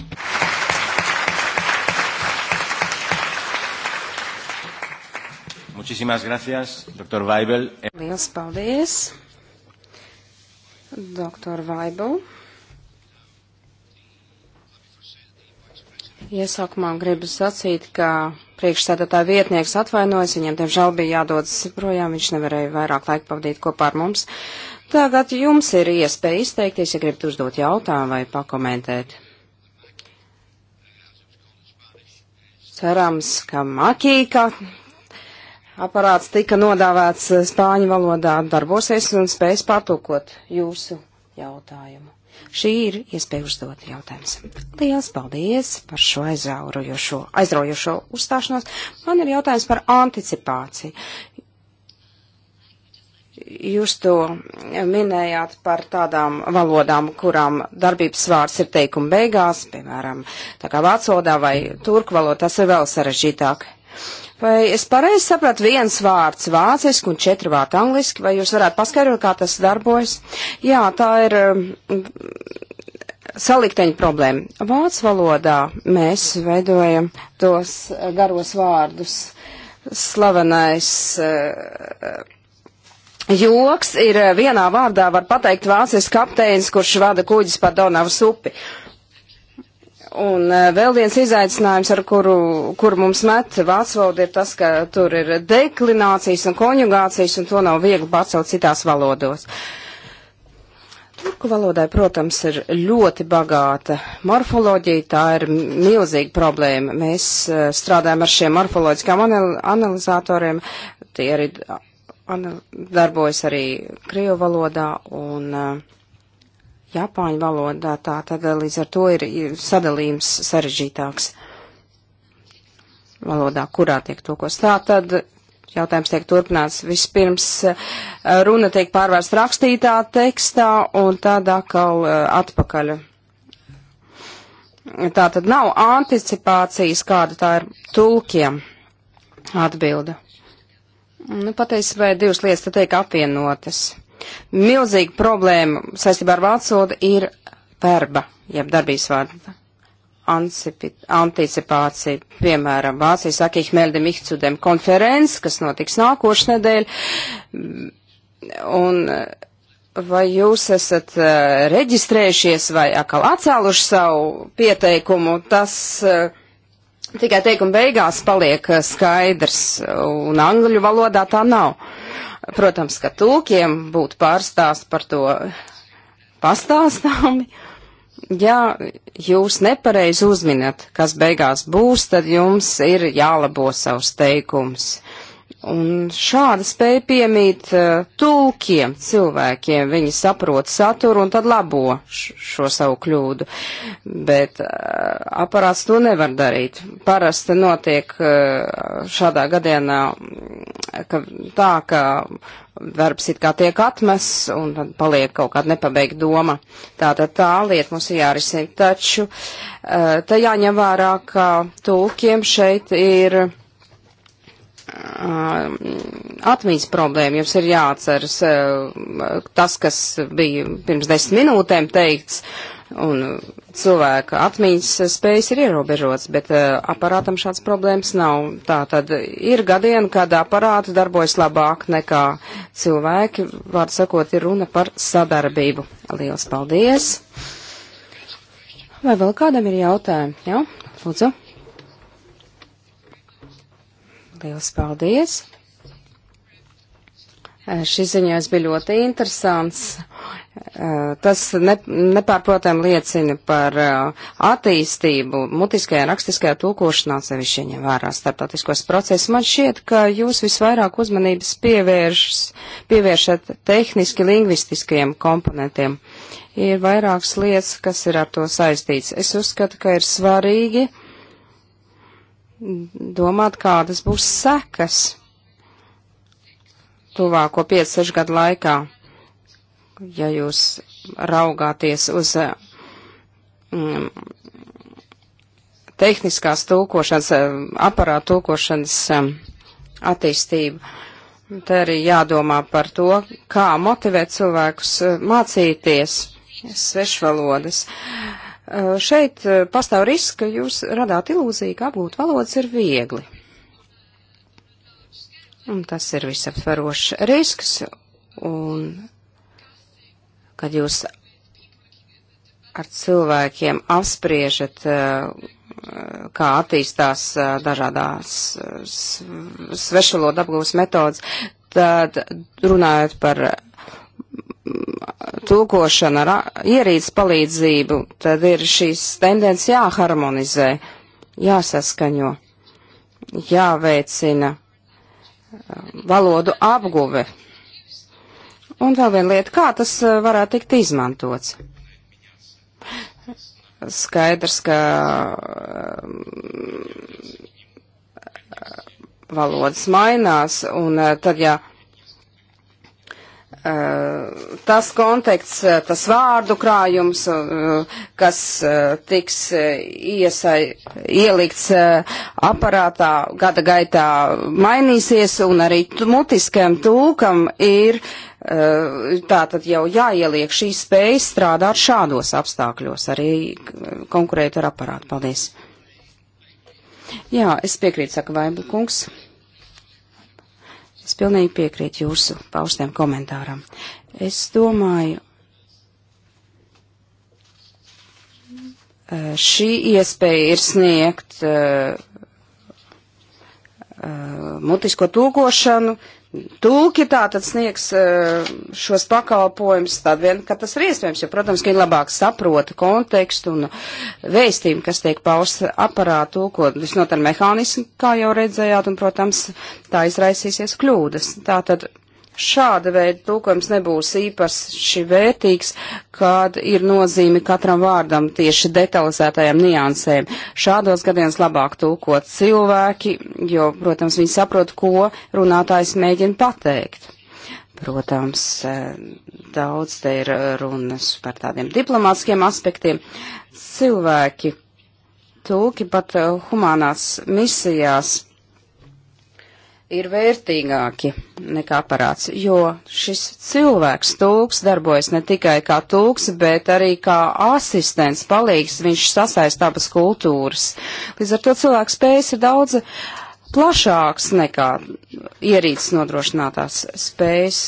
Speaker 1: Muchísimas gracias, doktor Vaibel. Liels paldies! doktoru Vaibu. Iesākumā gribu sacīt, ka priekšstādātāja vietnieks atvainojas, viņam diemžēl bija jādodas projām, viņš nevarēja vairāk laika pavadīt kopā ar mums. Tagad jums ir iespēja izteikties, ja gribat uzdot jautājumu vai pakomentēt. Cerams, ka Makīka aparāts tika nodāvēts eh, spāņu valodā, darbosies un spēs pārtūkot jūsu jautājumu. Šī ir iespēja uzdot jautājums. Lielas paldies par šo aizraujošo, aizraujošo uzstāšanos. Man ir jautājums par anticipāciju. Jūs to minējāt par tādām valodām, kurām darbības vārds ir teikuma beigās, piemēram, tā kā vācu valodā vai turku valodā, tas ir vēl sarežģītāk. Uh, Vai es pareizi sapratu viens vārds vāciski un četri vārdi angliski, vai jūs varētu paskaidrot, kā tas darbojas? Jā, tā ir um, salikteņa problēma. Vācu valodā mēs veidojam tos garos vārdus. Slavenais uh, joks ir uh, vienā vārdā var pateikt vācijas kapteinis, kurš vada kuģis pa Donavu supi. Uh, Un e, vēl viens izaicinājums, ar kuru, kuru mums met vācu valoda, ir tas, ka tur ir deklinācijas un konjugācijas, un to nav viegli pārcelt citās valodos. Turku valodai, protams, ir ļoti bagāta morfoloģija, tā ir milzīga problēma. Mēs e, strādājam ar šiem morfoloģiskiem analizatoriem, tie arī anal darbojas arī krievu valodā, un uh, Japāņu valodā, tā tad eh, līdz ar to ir sadalījums sarežģītāks valodā, kurā tiek tūkos. Tā tad jautājums tiek turpināts. Vispirms eh, runa tiek pārvērst rakstītā tekstā un tad atkal eh, atpakaļ. Tā tad nav anticipācijas, kāda tā ir tulkiem atbilda. Nu, patiesībā divas lietas te tiek apvienotas. Milzīga problēma saistībā ar vācu ir verba, jeb darbības vārda anticipācija, piemēram, Vācijas Akih Melde Mihcudem konferences, kas notiks nākošu nedēļu. Un vai jūs esat eh, reģistrējušies vai atkal atcēluši savu pieteikumu, tas eh, tikai teikuma beigās paliek eh, skaidrs, un angļu valodā tā nav. Protams, ka tūkiem būtu pārstāst par to pastāstāmi. Ja jūs nepareizi uzminat, kas beigās būs, tad jums ir jālabo savus teikumus. Un šāda spēja piemīt uh, tulkiem cilvēkiem, viņi saprot saturu un tad labo šo savu kļūdu, bet uh, aparāts to nevar darīt. Parasti notiek uh, šādā gadienā ka tā, ka darbs it kā tiek atmests un tad paliek kaut kāda nepabeigta doma. Tātad tā lieta mums ir jārisina, taču uh, tā jāņem vērā, ka tulkiem šeit ir Uh, atmiņas problēma. Jums ir jāatceras uh, tas, kas bija pirms desmit minūtēm teikts, un cilvēka atmiņas spējas ir ierobežotas, bet uh, aparātam šāds problēmas nav. Tā tad ir gadiena, kad aparāti darbojas labāk nekā cilvēki. Vārds sakot, ir runa par sadarbību. Lielas paldies! Vai vēl kādam ir jautājumi? Jā, ja? lūdzu. Liels paldies! Šis ziņojums bija ļoti interesants. Tas ne, nepārprotam liecina par attīstību mutiskajā un rakstiskajā tulkošanā sevišķi ņem vērā starptautiskos procesus. Man šķiet, ka jūs visvairāk uzmanības pievēršas, pievēršat tehniski lingvistiskajiem komponentiem. Ir vairākas lietas, kas ir ar to saistīts. Es uzskatu, ka ir svarīgi. Uh, domāt, kādas būs sekas tuvāko 5-6 gadu laikā, ja jūs raugāties uz mm, tehniskās tulkošanas, aparātu tulkošanas mm, attīstību. Te arī jādomā par to, kā motivēt cilvēkus mācīties svešvalodas. Uh, Eh, šeit eh, pastāv risks, ka jūs radāt ilūziju, ka apgūt valodas ir viegli. Un tas ir visaptvarošs risks, un kad jūs ar cilvēkiem apspriežat, eh, kā attīstās dažādās svešvalodu apgūves metodas, tad runājot par tulkošana ar ierīces palīdzību, tad ir šīs tendences jāharmonizē, jāsaskaņo, jāveicina um, valodu apguve. Un vēl viena lieta, kā tas uh, varētu tikt izmantots? Skaidrs, ka um, valodas mainās, un uh, tad, ja. Jā Eh, tas konteksts, eh, tas vārdu krājums, eh, kas tiks iesai, ielikts aparātā gada gaitā mainīsies, un arī mutiskajam tūkam ir tātad jau jāieliek šī spēja strādāt šādos apstākļos, arī konkurēt ar aparātu. Paldies! Jā, es piekrītu, saka Vaibla kungs. Es pilnīgi piekrītu jūsu paustiem komentāram. Es domāju, eh, šī iespēja ir sniegt uh, uh, mutisko tūkošanu, uh, Tūki tātad sniegs e, šos pakalpojumus tad vien, ka tas ir iespējams, jo, protams, ka viņi labāk saprota kontekstu un vēstījumu, kas tiek paust aparātu tūkot visnotaļ mehānismu, kā jau redzējāt, un, protams, tā izraisīsies kļūdas. Tātad šāda veida tulkojums nebūs īpaši vērtīgs, kad ir nozīme katram vārdam tieši detalizētajām niansēm. Šādos gadījumos labāk tulkot cilvēki, jo, protams, viņi saprot, ko runātājs mēģina pateikt. Protams, eh, daudz te ir runas par tādiem diplomātskiem aspektiem. Cilvēki, tulki pat eh, humānās misijās ir vērtīgāki nekā aparāts, jo šis cilvēks tūks darbojas ne tikai kā tūks, bet arī kā asistents, palīgs, viņš sasaist abas kultūras. Līdz ar to cilvēks spējas ir daudz plašāks nekā ierīces nodrošinātās spējas,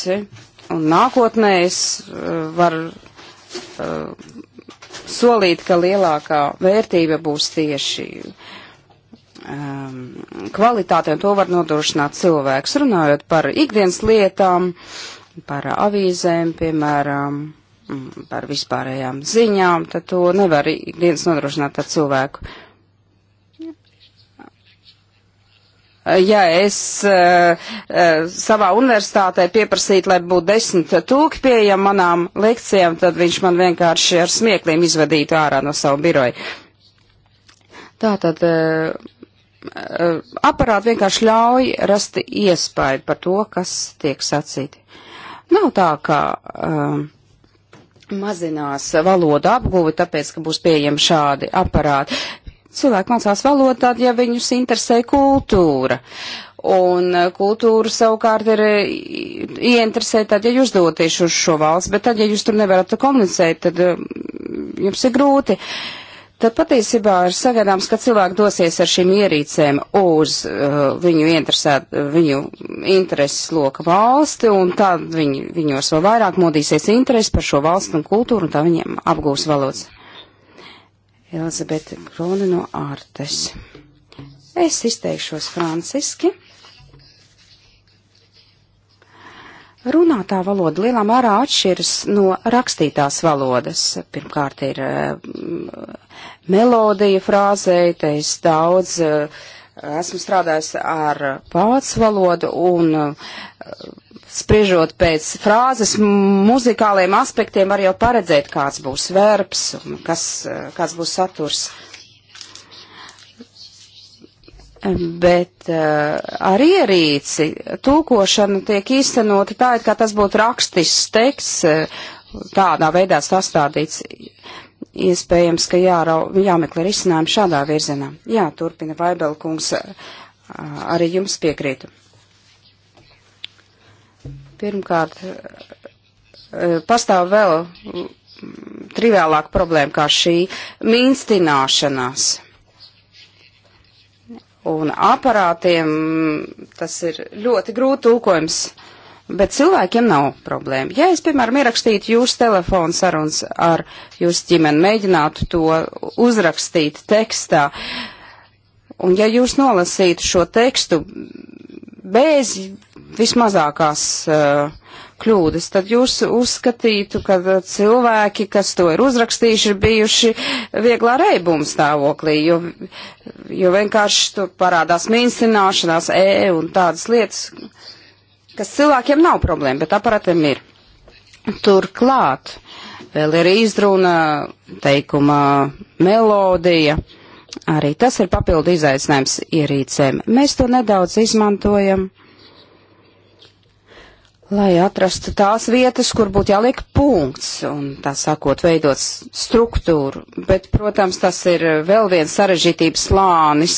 Speaker 1: un nākotnē es eh, varu uh, eh, solīt, ka lielākā vērtība būs tieši uh, um, kvalitāti, un to var nodrošināt cilvēks. Runājot par ikdienas lietām, par avīzēm, piemēram, mm, par vispārējām ziņām, tad to nevar ikdienas nodrošināt ar cilvēku. Ja es uh, uh, savā universitātē pieprasītu, lai būtu desmit tūki pieejami manām lekcijām, tad viņš man vienkārši ar smiekliem izvadītu ārā no savu biroju. Tātad. Uh, aparāti vienkārši ļauj rast iespēju par to, kas tiek sacīti. Nav tā, ka um, mazinās valoda apguve, tāpēc, ka būs pieejami šādi aparāti. Cilvēki mācās valodu tad, ja viņus interesē kultūra. Un uh, kultūra savukārt ir uh, ieinteresēta tad, ja jūs doties uz šo valsts, bet tad, ja jūs tur nevarat komunicēt, tad um, jums ir grūti. Uh, tad patiesībā ir sagaidāms, ka cilvēki dosies ar šīm ierīcēm uz uh, viņu, viņu intereses loka valsti, un tad viņi, viņos vēl vairāk modīsies interesi par šo valstu un kultūru, un tā viņiem apgūs valodas. Elizabete Krone no Ārtes. Es izteikšos franciski. Runātā valoda lielā mērā atšķiras no rakstītās valodas. Pirmkārt ir uh, melodija frāzē, te es daudz uh, esmu strādājis ar vācu valodu un uh, spriežot pēc frāzes muzikāliem aspektiem var jau paredzēt, kāds būs verbs un kas, kāds būs saturs. Uh, bet uh, eh, ar ierīci tūkošana tiek īstenota tā, it kā tas būtu rakstisks teksts, uh, tādā veidā sastādīts. Iespējams, ka jārau, jāmeklē risinājumi šādā virzienā. Jā, turpina Vaibelkungs, uh, arī jums piekrītu. Pirmkārt, uh, pastāv vēl mm, triviālāka problēma kā šī mīnstināšanās un aparātiem tas ir ļoti grūti tulkojums, bet cilvēkiem nav problēma. Ja es, piemēram, ierakstītu jūsu telefonu sarunas ar jūsu ģimeni, mēģinātu to uzrakstīt tekstā, un ja jūs nolasītu šo tekstu bez vismazākās uh, kļūdas, tad jūs uzskatītu, ka uh, cilvēki, kas to ir uzrakstījuši, ir bijuši vieglā reibuma stāvoklī, jo, jo vienkārši tur parādās mīnstināšanās, ē, e, un tādas lietas, kas cilvēkiem nav problēma, bet aparatiem ir. Turklāt vēl ir izruna, teikuma melodija. Arī tas ir papildu izaicinājums ierīcēm. Mēs to nedaudz izmantojam. Uh, lai atrastu tās vietas, kur būtu jāliek punkts un, tā sakot, veidot struktūru. Bet, protams, tas ir vēl viens sarežģītības slānis.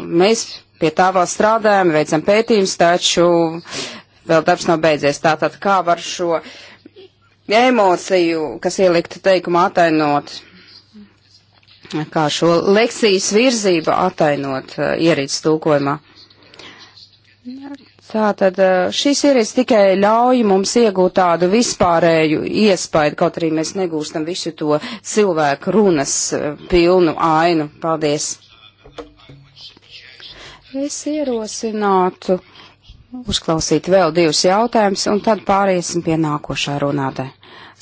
Speaker 1: Mēs pie tā vēl strādājam, veicam pētījums, taču vēl darbs nav beidzies. Tātad, kā var šo emociju, kas ielikt teikumā atainot, kā šo leksijas virzību atainot uh, ierīts tūkojumā. Tātad šīs ierīces tikai ļauj mums iegūt tādu vispārēju iespaidu, kaut arī mēs negūstam visu to cilvēku runas pilnu ainu. Paldies! Es ierosinātu uzklausīt vēl divus jautājumus, un tad pāriesim pie nākošā runātē.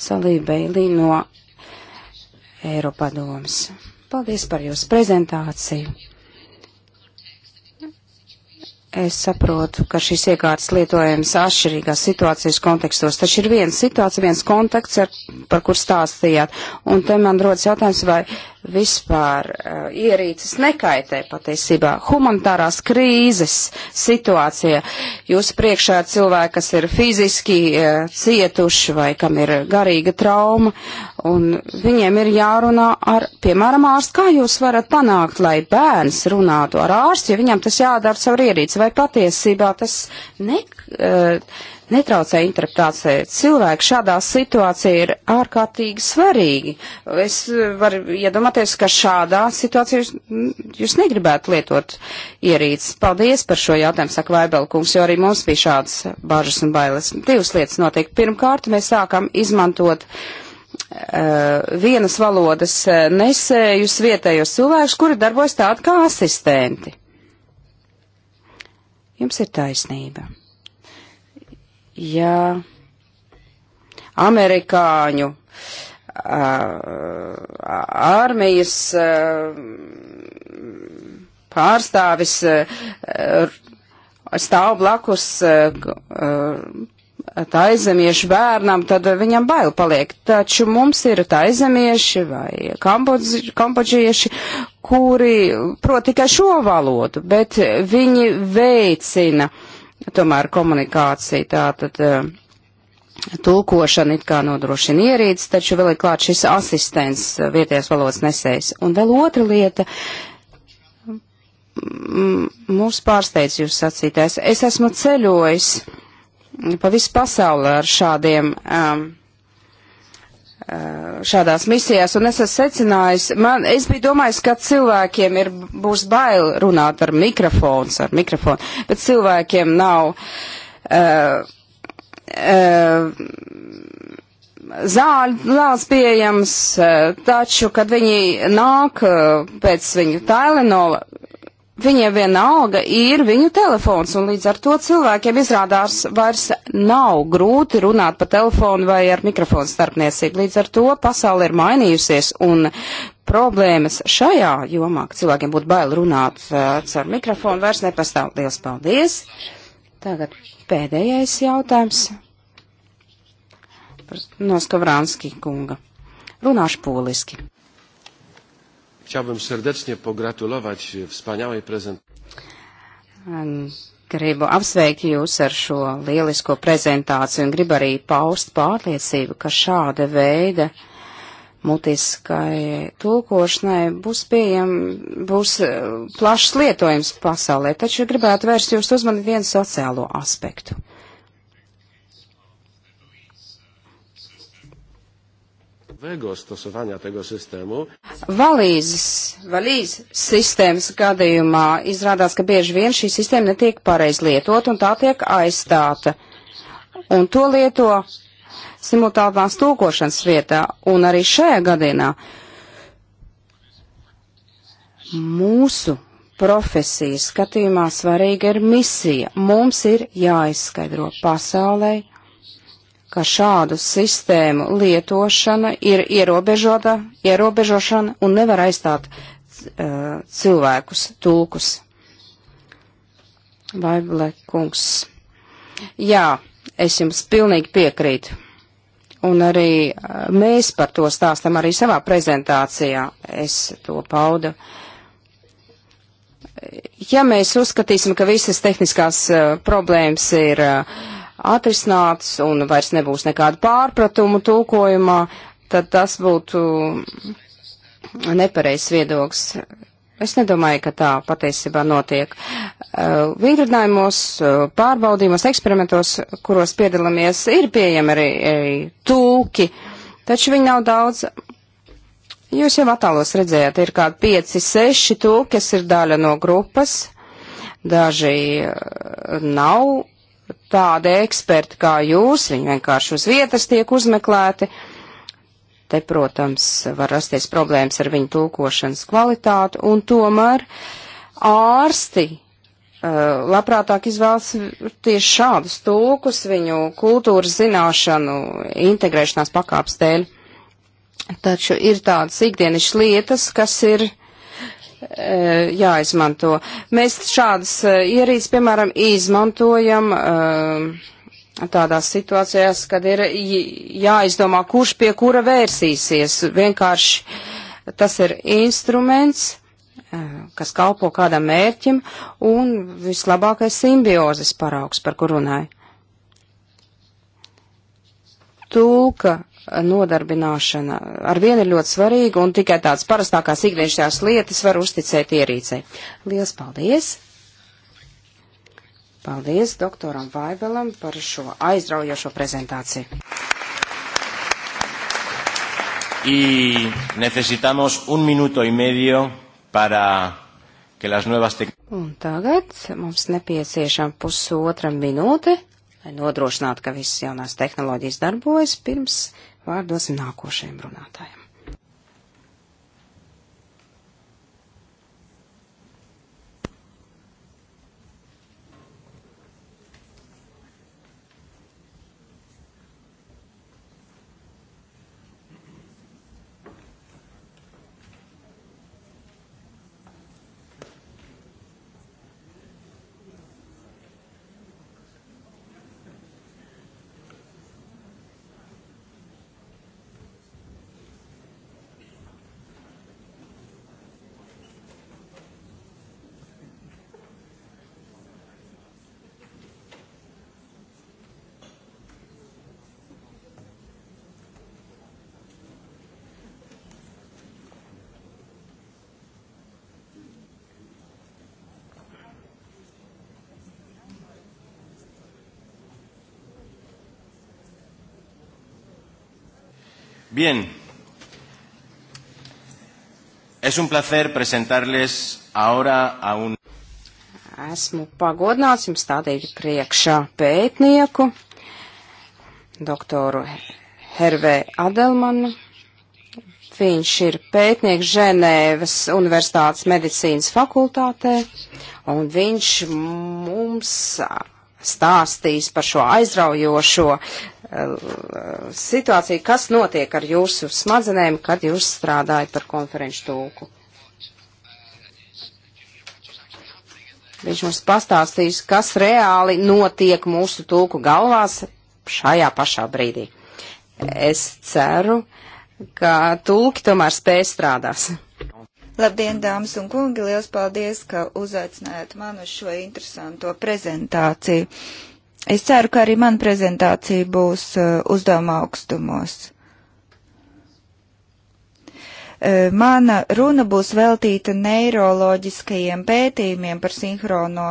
Speaker 1: Salība Eilī no Eiropadomas. Paldies par jūsu prezentāciju! Es saprotu, ka šīs iekārtas lietojams atšķirīgās situācijas kontekstos, taču ir viena situācija, viens konteksts, ar, par kur stāstījāt. Un te man rodas jautājums, vai vispār uh, ierīces nekaitē patiesībā. Humanitārās krīzes situācija. Jūs priekšā cilvēki, kas ir fiziski uh, cietuši vai kam ir garīga trauma, un viņiem ir jārunā ar, piemēram, ārstu. Kā jūs varat panākt, lai bērns runātu ar ārstu, ja viņam tas jādara savu ierīci? Vai patiesībā tas ne, uh, netraucē interpretācijai. Cilvēki šādā situācijā ir ārkārtīgi svarīgi. Es eh, varu iedomāties, ka šādā situācijā jūs, jūs negribētu lietot ierīces. Paldies par šo jautājumu, saka Vaibelkungs, jo arī mums bija šādas bažas un bailes. Divas lietas notiek. Pirmkārt, mēs sākam izmantot eh, vienas valodas eh, nesējus vietējos cilvēkus, kuri darbojas tādi kā asistenti. Jums ir taisnība ja amerikāņu uh, armijas uh, pārstāvis uh, stāv blakus uh, taizemiešu bērnam, tad viņam bail paliek. Taču mums ir taizemieši vai kambodži, kambodžieši, kuri prot tikai šo valodu, bet viņi veicina uh, tomēr komunikācija tātad eh, tulkošana it kā nodrošina ierīces, taču vēl ir klāt šis asistents eh, vietējās valodas nesējs. Un vēl otra lieta. Mm, mūs pārsteidz jūs sacītais. Es esmu ceļojis pa visu pasauli ar šādiem um, Eh, šādās misijās, un es esmu secinājis, man, es biju domājis, ka cilvēkiem ir, būs bail runāt ar mikrofons, ar mikrofonu, bet cilvēkiem nav uh, uh, zāles pieejams, uh, taču, kad viņi nāk uh, pēc viņu Tailenola, viņiem vienalga ir viņu telefons, un līdz ar to cilvēkiem izrādās vairs nav grūti runāt pa telefonu vai ar mikrofonu starpniecību. Līdz ar to pasauli ir mainījusies, un problēmas šajā jomā, ka cilvēkiem būtu bail runāt uh, caur mikrofonu, vairs nepastāv. Liels paldies! Tagad pēdējais jautājums no Skavrānski kunga. Runāšu poliski.
Speaker 2: Chciałbym serdecznie pogratulować wspaniałej prezentacji.
Speaker 1: Gribu apsveikt jūs ar šo lielisko prezentāciju un gribu arī paust pārliecību, ka šāda veida mutiskai tulkošanai būs pieejam, būs eh, plašs lietojums pasaulē, taču gribētu vērst jūs uzmanību vienu sociālo aspektu.
Speaker 2: złego stosowania tego systemu.
Speaker 1: Valīzes, valīzes sistēmas gadījumā izrādās, ka bieži vien šī sistēma netiek pareiz lietot un tā tiek aizstāta. Un to lieto simultānās tūkošanas vietā un arī šajā gadījumā mūsu profesijas skatījumā svarīga ir misija. Mums ir jāizskaidro pasaulē ka šādu sistēmu lietošana ir ierobežota, ierobežošana un nevar aizstāt uh, cilvēkus, tulkus. Vaible kungs. Jā, es jums pilnīgi piekrītu. Un arī mēs par to stāstam arī savā prezentācijā. Es to paudu. Ja mēs uzskatīsim, ka visas tehniskās uh, problēmas ir uh, atrisināts un vairs nebūs nekādu pārpratumu tūkojumā, tad tas būtu nepareizs viedoklis. Es nedomāju, ka tā patiesībā notiek. Uh, vingrinājumos, uh, pārbaudījumos, eksperimentos, kuros piedalāmies, ir pieejami arī, arī tūki, taču viņi nav daudz. Jūs jau attālos redzējāt, ir kādi pieci, seši tūki, kas ir daļa no grupas, daži uh, nav tādi eksperti kā jūs, viņi vienkārši uz vietas tiek uzmeklēti. Te, protams, var rasties problēmas ar viņu tulkošanas kvalitāti, un tomēr ārsti uh, labprātāk izvēlas tieši šādus tulkus viņu kultūras zināšanu integrēšanās pakāpstēļ. Taču ir tādas ikdienišķas lietas, kas ir uh, Eh, jāizmanto. Mēs šādas eh, ierīces, piemēram, izmantojam eh, tādās situācijās, kad ir jāizdomā, kurš pie kura vērsīsies. Vienkārši tas ir instruments, kas kalpo kādam mērķim, un vislabākais simbiozes paraugs, par kur runāju. Tūka nodarbināšana ar vienu ir ļoti svarīga un tikai tāds parastākās ikdienišķās lietas var uzticēt ierīcei. Lielas paldies! Paldies doktoram Vaibelam par šo aizraujošo prezentāciju. Y necesitamos un minuto y medio para que las nuevas Un tagad mums nepieciešama pusotra minūte, lai nodrošinātu, ka visas jaunās tehnoloģijas darbojas pirms Vārdosim nākošajam runātājam. Bien, es un placer presentarles ahora a un. Esmu pagodināts jums stādīt priekšā pētnieku, doktoru Hervē Adelmanu. Viņš ir pētnieks Ženēvas Universitātes medicīnas fakultātē, un viņš mums stāstīs par šo aizraujošo Eh, situācija, kas notiek ar jūsu smadzenēm, kad jūs strādājat par konferenču tūku. Viņš mums pastāstīs, kas reāli notiek mūsu tūku galvās šajā pašā brīdī. Es ceru, ka tūki tomēr spēj strādās.
Speaker 2: Labdien, dāmas un kungi! Liels paldies, ka uzaicinājāt man uz šo interesanto prezentāciju. Uh, Es ceru, ka arī mana prezentācija būs eh, uzdevuma augstumos eh, mana runa būs veltīta neiroloģiskajiem pētījumiem par sinhrono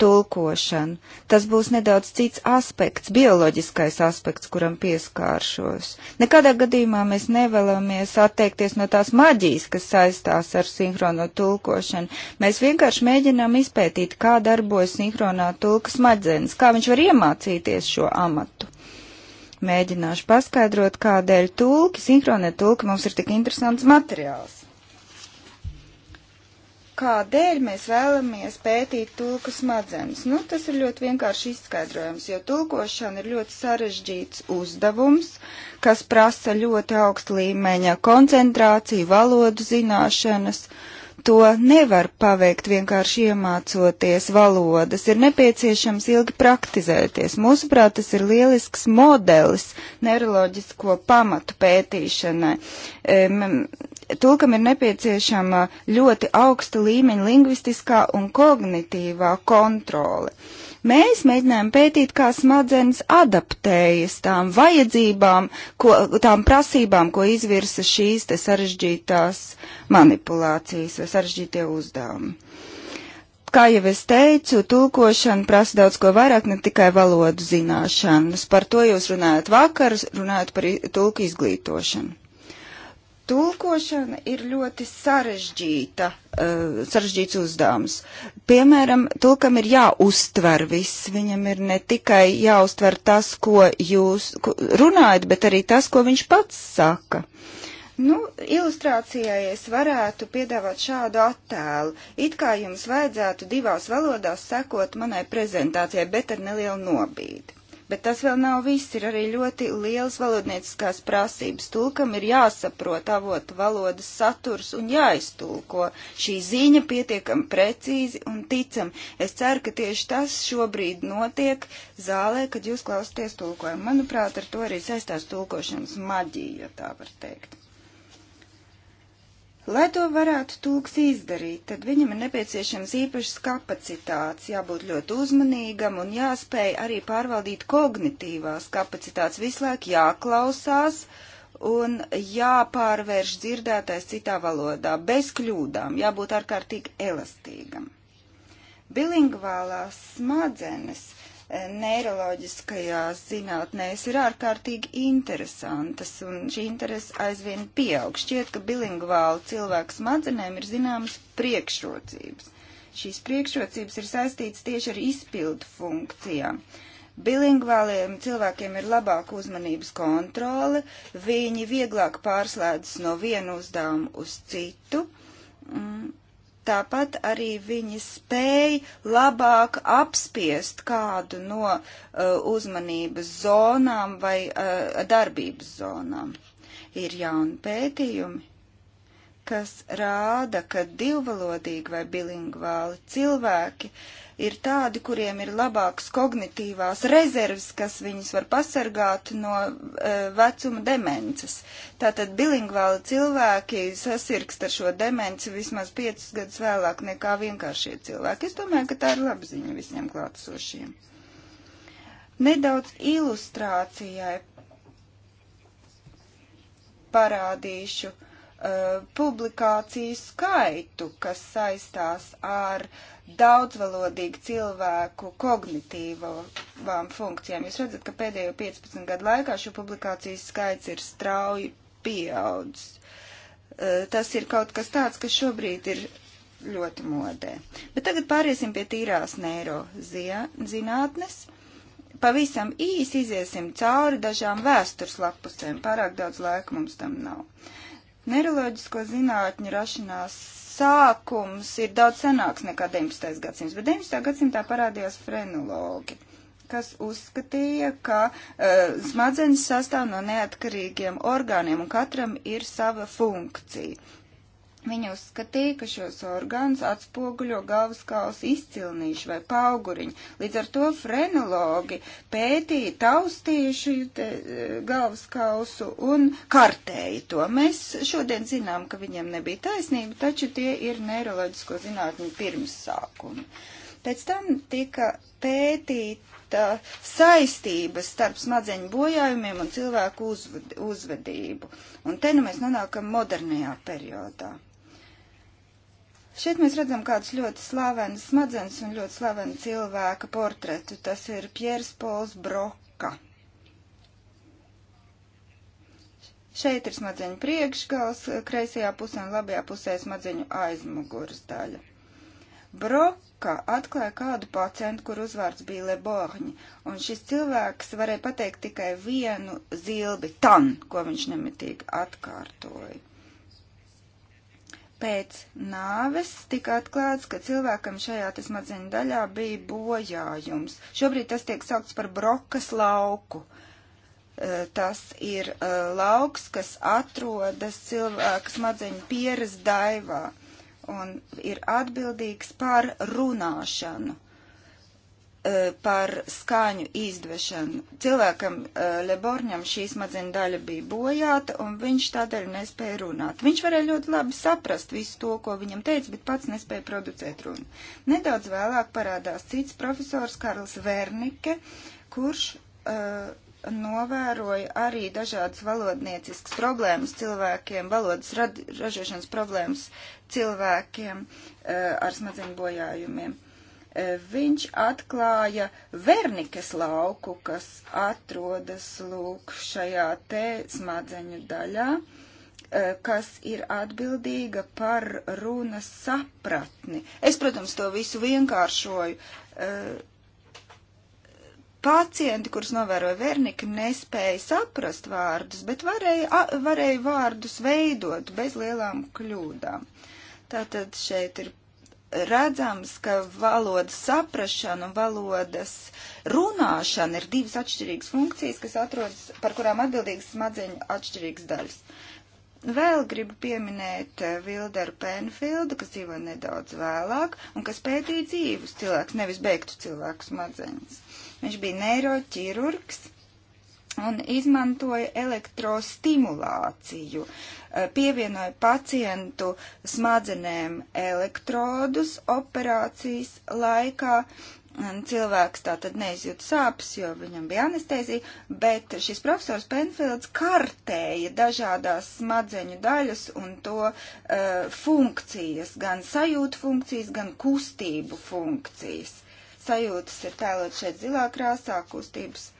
Speaker 2: tulkošanu. Tas būs nedaudz cits aspekts, bioloģiskais aspekts, kuram pieskāršos. Nekādā gadījumā mēs nevēlamies atteikties no tās maģijas, kas saistās ar sinhrono tulkošanu. Mēs vienkārši mēģinām izpētīt, kā darbojas sinhronā tulka smadzenes, kā viņš var iemācīties šo amatu. Mēģināšu paskaidrot, kādēļ tulki, sinhronie tulki mums ir tik interesants materiāls kādēļ mēs vēlamies pētīt tulku smadzenes. Nu, tas ir ļoti vienkārši izskaidrojums, jo tulkošana ir ļoti sarežģīts uzdevums, kas prasa ļoti augstu līmeņa koncentrāciju, valodu zināšanas. To nevar paveikt vienkārši iemācoties valodas, ir nepieciešams ilgi praktizēties. Mūsuprāt, tas ir lielisks modelis neiroloģisko pamatu pētīšanai. Um, e, tulkam ir nepieciešama ļoti augsta līmeņa lingvistiskā un kognitīvā kontrole. Mēs mēģinājām pētīt, kā smadzenes adaptējas tām vajadzībām, ko, tām prasībām, ko izvirsa šīs te sarežģītās manipulācijas vai sarežģītie uzdevumi. Kā jau es teicu, tulkošana prasa daudz ko vairāk, ne tikai valodu zināšanas. Par to jūs runājat vakar, runājot par tulku izglītošanu. Tulkošana ir ļoti sarežģīta, uh, sarežģīts uzdevums. Piemēram, tulkam ir jāuztver viss, viņam ir ne tikai jāuztver tas, ko jūs ko runājat, bet arī tas, ko viņš pats saka. Nu, ilustrācijai es varētu piedāvāt šādu attēlu. It kā jums vajadzētu divās valodās sekot manai prezentācijai, bet ar nelielu nobīdi. Bet tas vēl nav viss, ir arī ļoti liels valodnieciskās prasības. Tulkam ir jāsaprot avotu valodas saturs un jāiztulko. Šī ziņa pietiekam precīzi un ticam. Es ceru, ka tieši tas šobrīd notiek zālē, kad jūs klausties tulkojumu. Manuprāt, ar to arī saistās tulkošanas maģija, ja tā var teikt. Lai to varētu tūks izdarīt, tad viņam ir nepieciešams īpašas kapacitātes, jābūt ļoti uzmanīgam un jāspēj arī pārvaldīt kognitīvās kapacitātes, visu laiku jāklausās un jāpārvērš dzirdētais citā valodā, bez kļūdām, jābūt ārkārtīgi elastīgam. Bilingvālās smadzenes neiroloģiskajās zinātnēs ir ārkārtīgi interesantas, un šī interese aizvien pieaug. Šķiet, ka bilingvālu cilvēku smadzenēm ir zināmas priekšrocības. Šīs priekšrocības ir saistītas tieši ar izpildu funkcijām. Bilingvāliem cilvēkiem ir labāka uzmanības kontrole, viņi vieglāk pārslēdzas no vienu uzdevumu uz citu. Mm Tāpat arī viņi spēj labāk apspiest kādu no uh, uzmanības zonām vai uh, darbības zonām. Ir jauni pētījumi, kas rāda, ka divvalodīgi vai bilingvāli cilvēki uh, ir tādi, kuriem ir labāks kognitīvās rezerves, kas viņus var pasargāt no uh, vecuma demences. Tātad bilingvāli cilvēki sasirgst ar šo demenci vismaz piecus gadus vēlāk nekā vienkāršie cilvēki. Es domāju, ka tā ir laba ziņa visiem klātsošiem. Nedaudz ilustrācijai parādīšu Uh, publikāciju skaitu, kas saistās ar daudzvalodīgu cilvēku kognitīvām funkcijām. Jūs redzat, ka pēdējo 15 gadu laikā šo publikāciju skaits ir strauji pieaudzis. Uh, tas ir kaut kas tāds, kas šobrīd ir ļoti modē. Bet tagad pāriesim pie tīrās neirozinātnes. Pavisam īsi iziesim cauri dažām vēstures lapusēm, pārāk daudz laika mums tam nav. Uh, Neiroloģisko zinātņu rašanās sākums ir daudz senāks nekā 19. gadsimts, bet 19. gadsimtā parādījās frenologi kas uzskatīja, ka uh, smadzenes sastāv no neatkarīgiem orgāniem un katram ir sava funkcija. Viņa uzskatīja, ka šos orgānus atspoguļo galvaskausa izcilnīši vai pauguriņi. Līdz ar to frenologi pētīja, taustīja šī galvaskausu un kartēja to. Mēs šodien zinām, ka viņiem nebija taisnība, taču tie ir neiroloģisko zinātņu pirmsākumi. Pēc tam tika pētīta saistības starp smadzeņu bojājumiem un cilvēku uzved, uzvedību. Un te nu mēs nonākam modernajā periodā. Šeit mēs redzam kādus ļoti slavenus smadzenes un ļoti slavenu cilvēka portretu. Tas ir Piers Pols Broka. Šeit ir smadzeņu priekšgals, kreisajā pusē un labajā pusē smadzeņu aizmugures daļa. Broka atklāja kādu pacientu, kur uzvārds bija Leborņi, un šis cilvēks varēja pateikt tikai vienu zilbi, tan, ko viņš nemitīgi atkārtoja pēc nāves tika atklāts, ka cilvēkam šajā smadzeņu daļā bija bojājums. Šobrīd tas tiek saukts par brokas lauku. E, tas ir e, lauks, kas atrodas cilvēka smadzeņu pieres daivā un ir atbildīgs par runāšanu. Eh, par skaņu izdvešanu. Cilvēkam eh, Leborņam šī smadzeņa daļa bija bojāta, un viņš tādēļ nespēja runāt. Viņš varēja ļoti labi saprast visu to, ko viņam teica, bet pats nespēja producēt runu. Nedaudz vēlāk parādās cits profesors Karls Vernike, kurš uh, novēroja arī dažādas valodnieciskas problēmas cilvēkiem, valodas ražošanas problēmas cilvēkiem uh, ar smadzeņu bojājumiem viņš atklāja Vernikas lauku, kas atrodas lūk šajā te smadzeņu daļā, e, kas ir atbildīga par runas sapratni. Es, protams, to visu vienkāršoju. E, Pacienti, kurus novēroja Vernika, nespēja saprast vārdus, bet varēja, varēja vārdus veidot bez lielām kļūdām. Tātad šeit ir redzams, ka valodas saprašana un valodas runāšana ir divas atšķirīgas funkcijas, kas atrodas, par kurām atbildīgas smadzeņu atšķirīgas daļas. Vēl gribu pieminēt Vilderu eh, Penfildu, kas dzīvo nedaudz vēlāk un kas pētīja dzīvus cilvēkus, nevis beigtu cilvēku smadzenes. Viņš bija neiroķirurgs un izmantoja elektrostimulāciju, uh, pievienoja pacientu smadzenēm elektrodus operācijas laikā. Cilvēks tā tad neizjūt sāpes, jo viņam bija anestēzija, bet šis profesors Penfields kartēja dažādās smadzeņu daļas un to uh, funkcijas, gan sajūtu funkcijas, gan kustību funkcijas. Sajūtas ir tēlot šeit zilā krāsā, kustības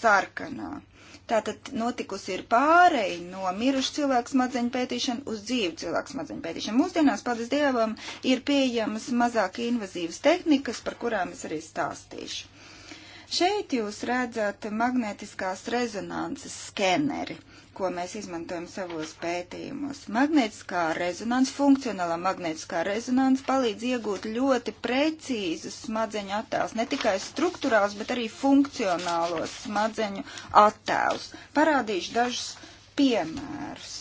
Speaker 2: sarkanā. Uh, Tātad notikusi ir pārēj no mirušu cilvēku smadzeņu pētīšana uz dzīvu cilvēku smadzeņu pētīšanu. Mūsdienās, paldies Dievam, ir pieejamas mazāk invazīvas tehnikas, par kurām es arī stāstīšu. Šeit jūs redzat magnetiskās rezonances skeneri ko mēs izmantojam savos pētījumos. Magnētiskā rezonanse, funkcionālā magnētiskā rezonanse palīdz iegūt ļoti precīzus smadzeņu attēlus, ne tikai struktūrāls, bet arī funkcionālos smadzeņu attēlus. Parādīšu dažus piemērus.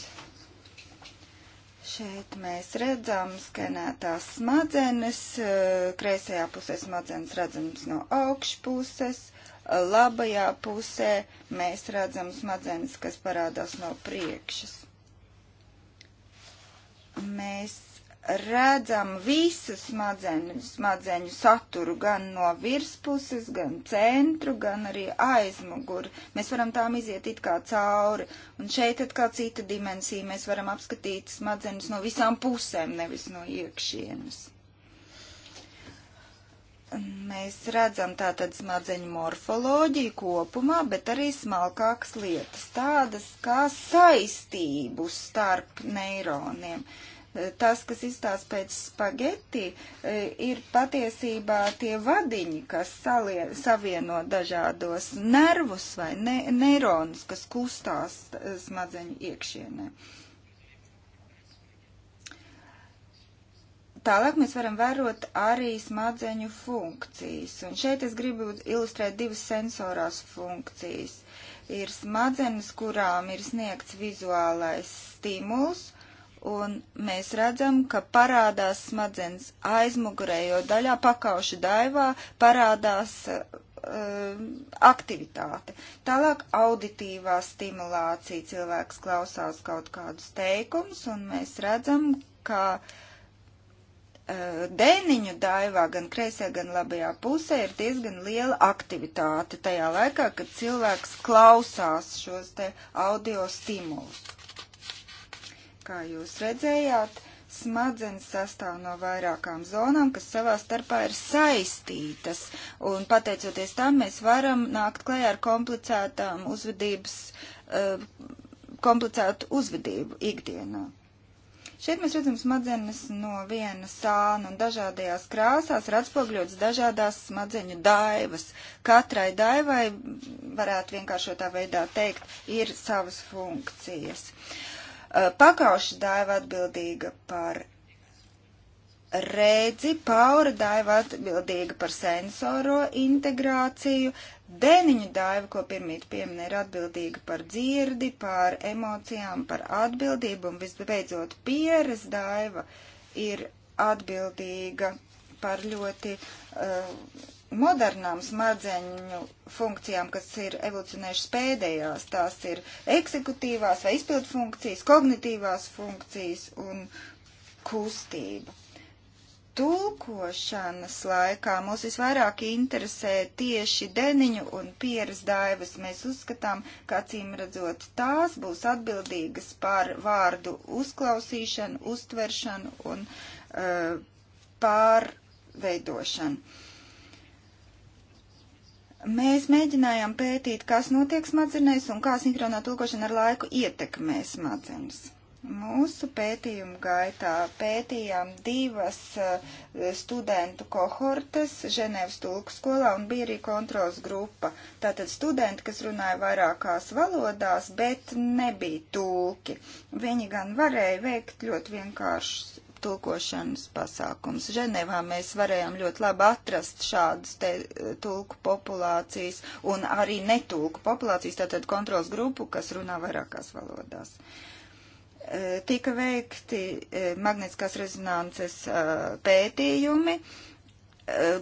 Speaker 2: Šeit mēs redzam skenētās smadzenes, eh, kreisajā pusē smadzenes redzams no augšpuses labajā pusē mēs redzam smadzenes, kas parādās no priekšas. Mēs redzam visu smadzeņu, smadzeņu saturu, gan no virspuses, gan centru, gan arī aizmuguri. Mēs varam tām iziet it kā cauri, un šeit atkal cita dimensija, mēs varam apskatīt smadzenes no visām pusēm, nevis no iekšienes. Mēs redzam tātad smadzeņu morfoloģiju kopumā, bet arī smalkākas lietas, tādas kā saistību starp neironiem. Tas, kas izstās pēc spageti, e, ir patiesībā tie vadiņi, kas salie, savieno dažādos nervus vai ne, neironus, kas kustās smadzeņu iekšienē. Uh, Tālāk mēs varam vērot arī smadzeņu funkcijas. Un šeit es gribu ilustrēt divas sensorās funkcijas. Ir smadzenes, kurām ir sniegts vizuālais stimuls, un mēs redzam, ka parādās smadzenes aizmugurējo daļā, pakauša daivā, parādās uh, aktivitāte. Tālāk auditīvā stimulācija cilvēks klausās kaut kādus teikumus, un mēs redzam, ka uh, Eh, dēniņu daivā, gan kreisajā, gan labajā pusē, ir diezgan liela aktivitāte tajā laikā, kad cilvēks klausās šos te audio stimulus. Kā jūs redzējāt, smadzenes sastāv no vairākām zonām, kas savā starpā ir saistītas, un pateicoties tam mēs varam nākt klajā ar komplicētām uzvedības, eh, komplicētu uzvedību ikdienā. Šeit mēs redzam smadzenes no viena sāna un dažādajās krāsās ir atspogļots dažādās smadzeņu daivas. Katrai daivai, varētu vienkāršotā veidā teikt, ir savas funkcijas. Pakauša daiva atbildīga par Rēdzi Paura Daiva atbildīga par sensoro integrāciju, Dēniņu Daiva, ko pirmīt pieminē, ir atbildīga par dzirdi, par emocijām, par atbildību, un visbeidzot Pieres Daiva ir atbildīga par ļoti uh, modernām smadzeņu funkcijām, kas ir evolucionējušas pēdējās. Tās ir eksekutīvās vai izpildu funkcijas, kognitīvās funkcijas un kustība tulkošanas laikā mūs visvairāk interesē tieši deniņu un pieras daivas. Mēs uzskatām, ka acīm redzot tās būs atbildīgas par vārdu uzklausīšanu, uztveršanu un uh, pārveidošanu. Mēs mēģinājām pētīt, kas notiek smadzenēs un kā sinhronā tulkošana ar laiku ietekmē smadzenes. Mūsu pētījumu gaitā pētījām divas eh, studentu kohortes Ženēvas tulku skolā un bija arī kontrols grupa. Tātad studenti, kas runāja vairākās valodās, bet nebija tulki. Viņi gan varēja veikt ļoti vienkāršus tulkošanas pasākums. Ženevā mēs varējām ļoti labi atrast šādas te eh, tulku populācijas un arī netulku populācijas, tātad kontrols grupu, kas runā vairākās valodās. Uh, tika veikti eh, magnetiskās rezonances eh, pētījumi, uh,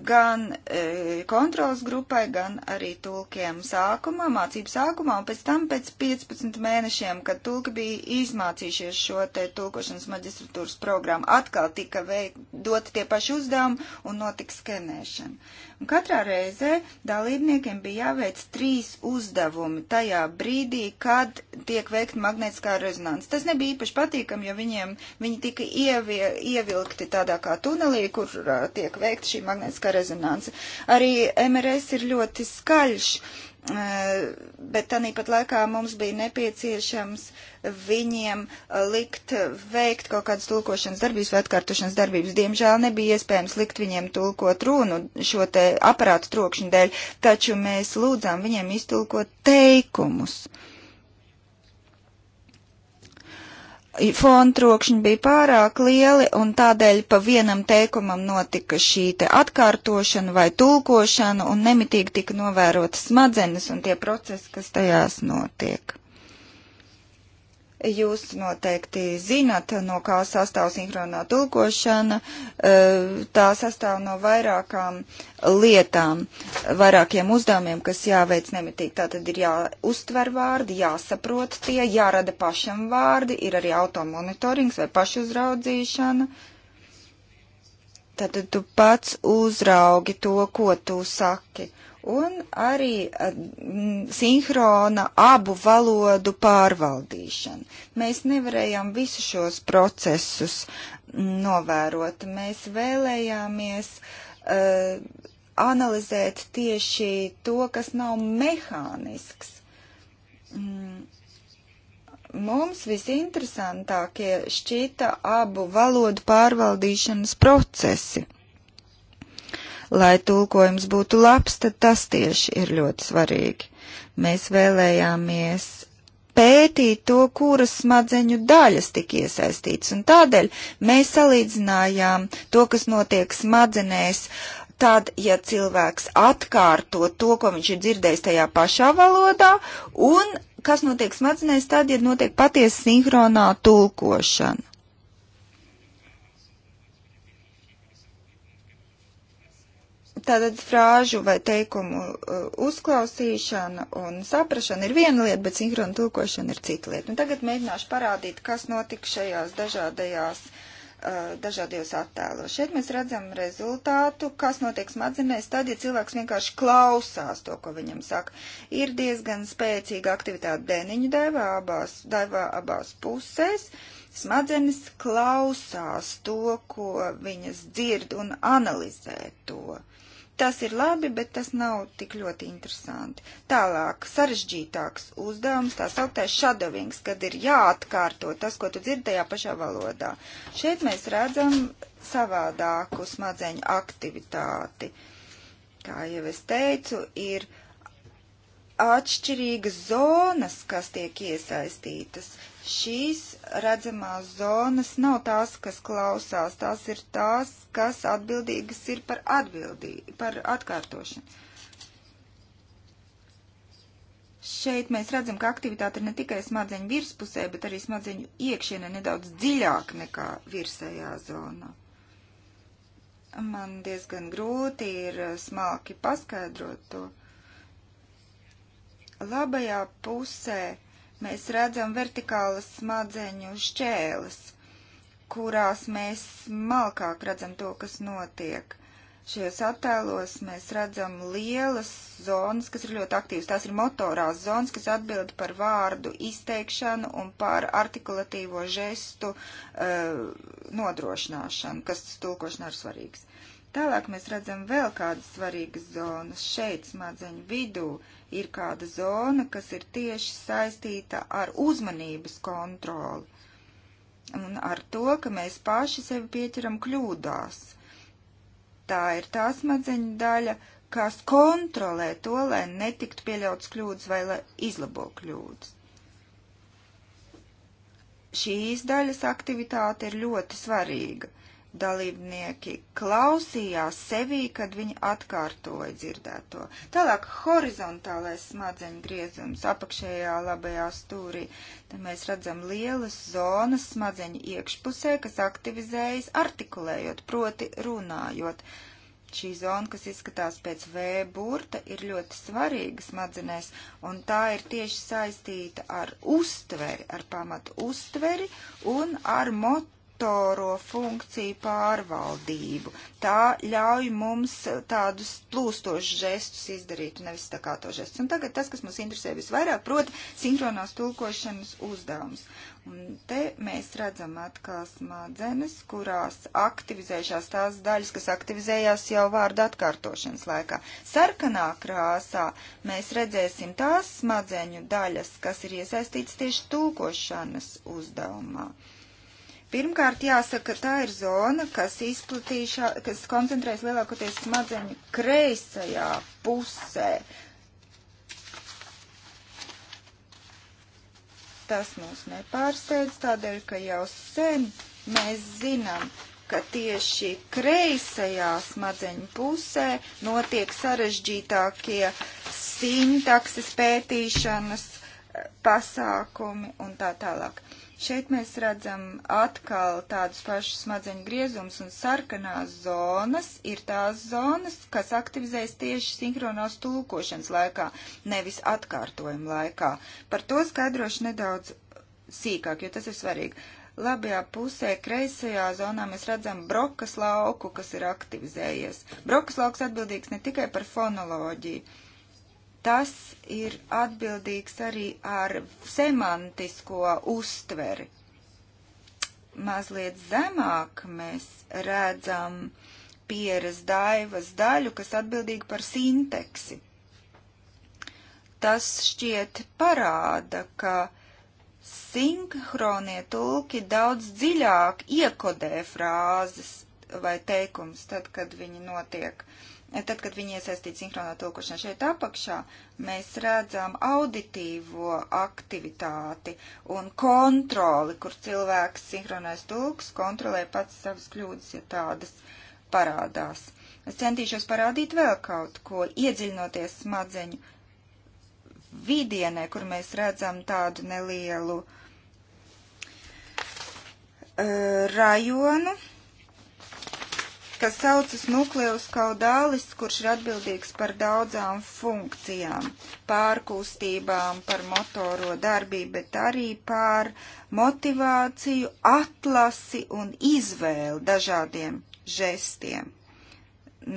Speaker 2: gan e, kontrolas grupai, gan arī tulkiem sākumā, mācību sākumā, un pēc tam pēc 15 mēnešiem, kad tulki bija izmācījušies šo te tulkošanas maģistratūras programmu, atkal tika veik, dot tie paši uzdevumi un notika skenēšana. Un katrā reizē dalībniekiem bija jāveic trīs uzdevumi tajā brīdī, kad tiek veikta magnētiskā rezonanse. Tas nebija īpaši patīkami, jo viņiem, viņi tika ievie, ievilkti tādā kā tunelī, kur uh, tiek veikta šī magnētiskā magnētiskā rezonanse. Arī MRS ir ļoti skaļš, eh, bet tāpat laikā mums bija nepieciešams viņiem eh, likt veikt kaut kādas tulkošanas darbības vai atkārtošanas darbības. Diemžēl nebija iespējams likt viņiem tulkot runu šo te aparātu trokšņu dēļ, taču mēs lūdzām viņiem iztulkot teikumus. Uh, fontrokšņi bija pārāk lieli, un tādēļ pa vienam teikumam notika šī te atkārtošana vai tulkošana, un nemitīgi tika novērotas smadzenes un tie procesi, kas tajās notiek. Jūs noteikti zinat, no kā sastāv sinhronā tulkošana. E, tā sastāv no vairākām lietām, vairākiem uzdevumiem, kas jāveic nemitīgi. Tātad ir jāuztver vārdi, jāsaprot tie, jārada pašam vārdi, ir arī automonitorings vai pašuzraudzīšana. Tātad tu pats uzraugi to, ko tu saki. Uh, un arī mm, sinhrona abu valodu pārvaldīšana. Mēs nevarējām visu šos procesus novērot. Mēs vēlējāmies uh, analizēt tieši to, kas nav mehānisks. Mm mums visinteresantākie šķita abu valodu pārvaldīšanas procesi lai tulkojums būtu labs, tad tas tieši ir ļoti svarīgi. Mēs vēlējāmies pētīt to, kuras smadzeņu daļas tika iesaistīts, un tādēļ mēs salīdzinājām to, kas notiek smadzenēs uh, tad, ja cilvēks atkārto to, ko viņš ir dzirdējis tajā pašā valodā, un kas notiek smadzenēs, tad, ja notiek patiesa sinhronā tulkošana. Tātad frāžu vai teikumu uh, uzklausīšana un saprašana ir viena lieta, bet sinhrona tulkošana ir cita lieta. Un tagad mēģināšu parādīt, kas notika šajās dažādajās uh, dažādos attēlos. Šeit mēs redzam rezultātu, kas notiek smadzenēs, tad, ja cilvēks vienkārši klausās to, ko viņam saka. Ir diezgan spēcīga aktivitāte deniņu daivā abās, daivā abās pusēs. Smadzenes klausās to, ko viņas dzird un analizē to. Tas ir labi, bet tas nav tik ļoti interesanti. Tālāk, sarežģītāks uzdevums, tā sauktais shadowings, kad ir jāatkārto tas, ko tu dzirdi tajā pašā valodā. Šeit mēs redzam savādāku smadzeņu aktivitāti. Kā jau es teicu, ir uh, atšķirīgas zonas, kas tiek iesaistītas. Šīs redzamās zonas nav tās, kas klausās, tās ir tās, kas atbildīgas ir par atbildību, par atkārtošanu. Šeit mēs redzam, ka aktivitāte ir ne tikai smadzeņu virspusē, bet arī smadzeņu iekšienē nedaudz dziļāk nekā virsējā zonā. Man diezgan grūti ir eh, smalki paskaidrot to. Uh, Labajā pusē mēs redzam vertikālas smadzeņu šķēles, kurās mēs malkāk redzam to, kas notiek. Šajos attēlos mēs redzam lielas zonas, kas ir ļoti aktīvas. Tās ir motorās zonas, kas atbild par vārdu izteikšanu un par artikulatīvo žestu uh, nodrošināšanu, kas tulkošanā ir svarīgs. Tālāk mēs redzam vēl kādas svarīgas zonas šeit smadzeņu vidū. Uh, ir kāda zona, kas ir tieši saistīta ar uzmanības kontroli un ar to, ka mēs paši sevi pieķeram kļūdās. Tā ir tā smadzeņa daļa, kas kontrolē to, lai netiktu pieļauts kļūdas vai lai izlabo kļūdas. Šīs daļas aktivitāte ir ļoti svarīga dalībnieki klausījās sevī, kad viņi atkārtoja dzirdēto. Tālāk horizontālais smadzeņu griezums apakšējā labajā stūrī. Te mēs redzam lielas zonas smadzeņu iekšpusē, kas aktivizējas artikulējot, proti runājot. Šī zona, kas izskatās pēc V burta, ir ļoti svarīga smadzenēs, un tā ir tieši saistīta ar uztveri, ar pamatu uztveri un ar motu autoro funkciju pārvaldību. Tā ļauj mums tādus plūstošus žestus izdarīt, nevis tā kā to žestus. Un tagad tas, kas mums interesē visvairāk, proti, sinhronās tulkošanas uzdevums. Un te mēs redzam atkal smadzenes, kurās aktivizējušās tās daļas, kas aktivizējās jau vārdu atkārtošanas laikā. Sarkanā krāsā mēs redzēsim tās smadzeņu daļas, kas ir iesaistītas tieši tulkošanas uzdevumā. Uh, Pirmkārt, jāsaka, tā ir zona, kas izplatīšā, kas koncentrēs lielākoties smadzeņu kreisajā pusē. Tas mūs nepārsteidz tādēļ, ka jau sen mēs zinām, ka tieši kreisajā smadzeņu pusē notiek sarežģītākie sintakses pētīšanas eh, pasākumi un tā tālāk. Uh, Šeit mēs redzam atkal tādus pašus smadzeņu griezumus un sarkanās zonas ir tās zonas, kas aktivizējas tieši sinhronās tulkošanas laikā, nevis atkārtojuma laikā. Par to skaidrošu nedaudz sīkāk, jo tas ir svarīgi. Labajā pusē, kreisajā zonā mēs redzam brokas lauku, kas ir aktivizējies. Brokas lauks atbildīgs ne tikai par fonoloģiju, tas ir atbildīgs arī ar semantisko uztveri. Mazliet zemāk mēs redzam pieres daivas daļu, kas atbildīga par sinteksi. Tas šķiet parāda, ka sinhronie tulki daudz dziļāk iekodē frāzes vai teikums, tad, kad viņi notiek uh, Tad, kad viņi iesaistīja sinhronā tulkošanu šeit apakšā, mēs redzam auditīvo aktivitāti un kontroli, kur cilvēks sinhronais tulks kontrolē pats savas kļūdas, ja tādas parādās. Es centīšos parādīt vēl kaut ko, iedziļinoties smadzeņu vidienē, kur mēs redzam tādu nelielu uh, rajonu, kas saucas nukleus kaudālis, kurš ir atbildīgs par daudzām funkcijām, pārkustībām, par motoro darbību, bet arī pār motivāciju, atlasi un izvēli dažādiem žestiem.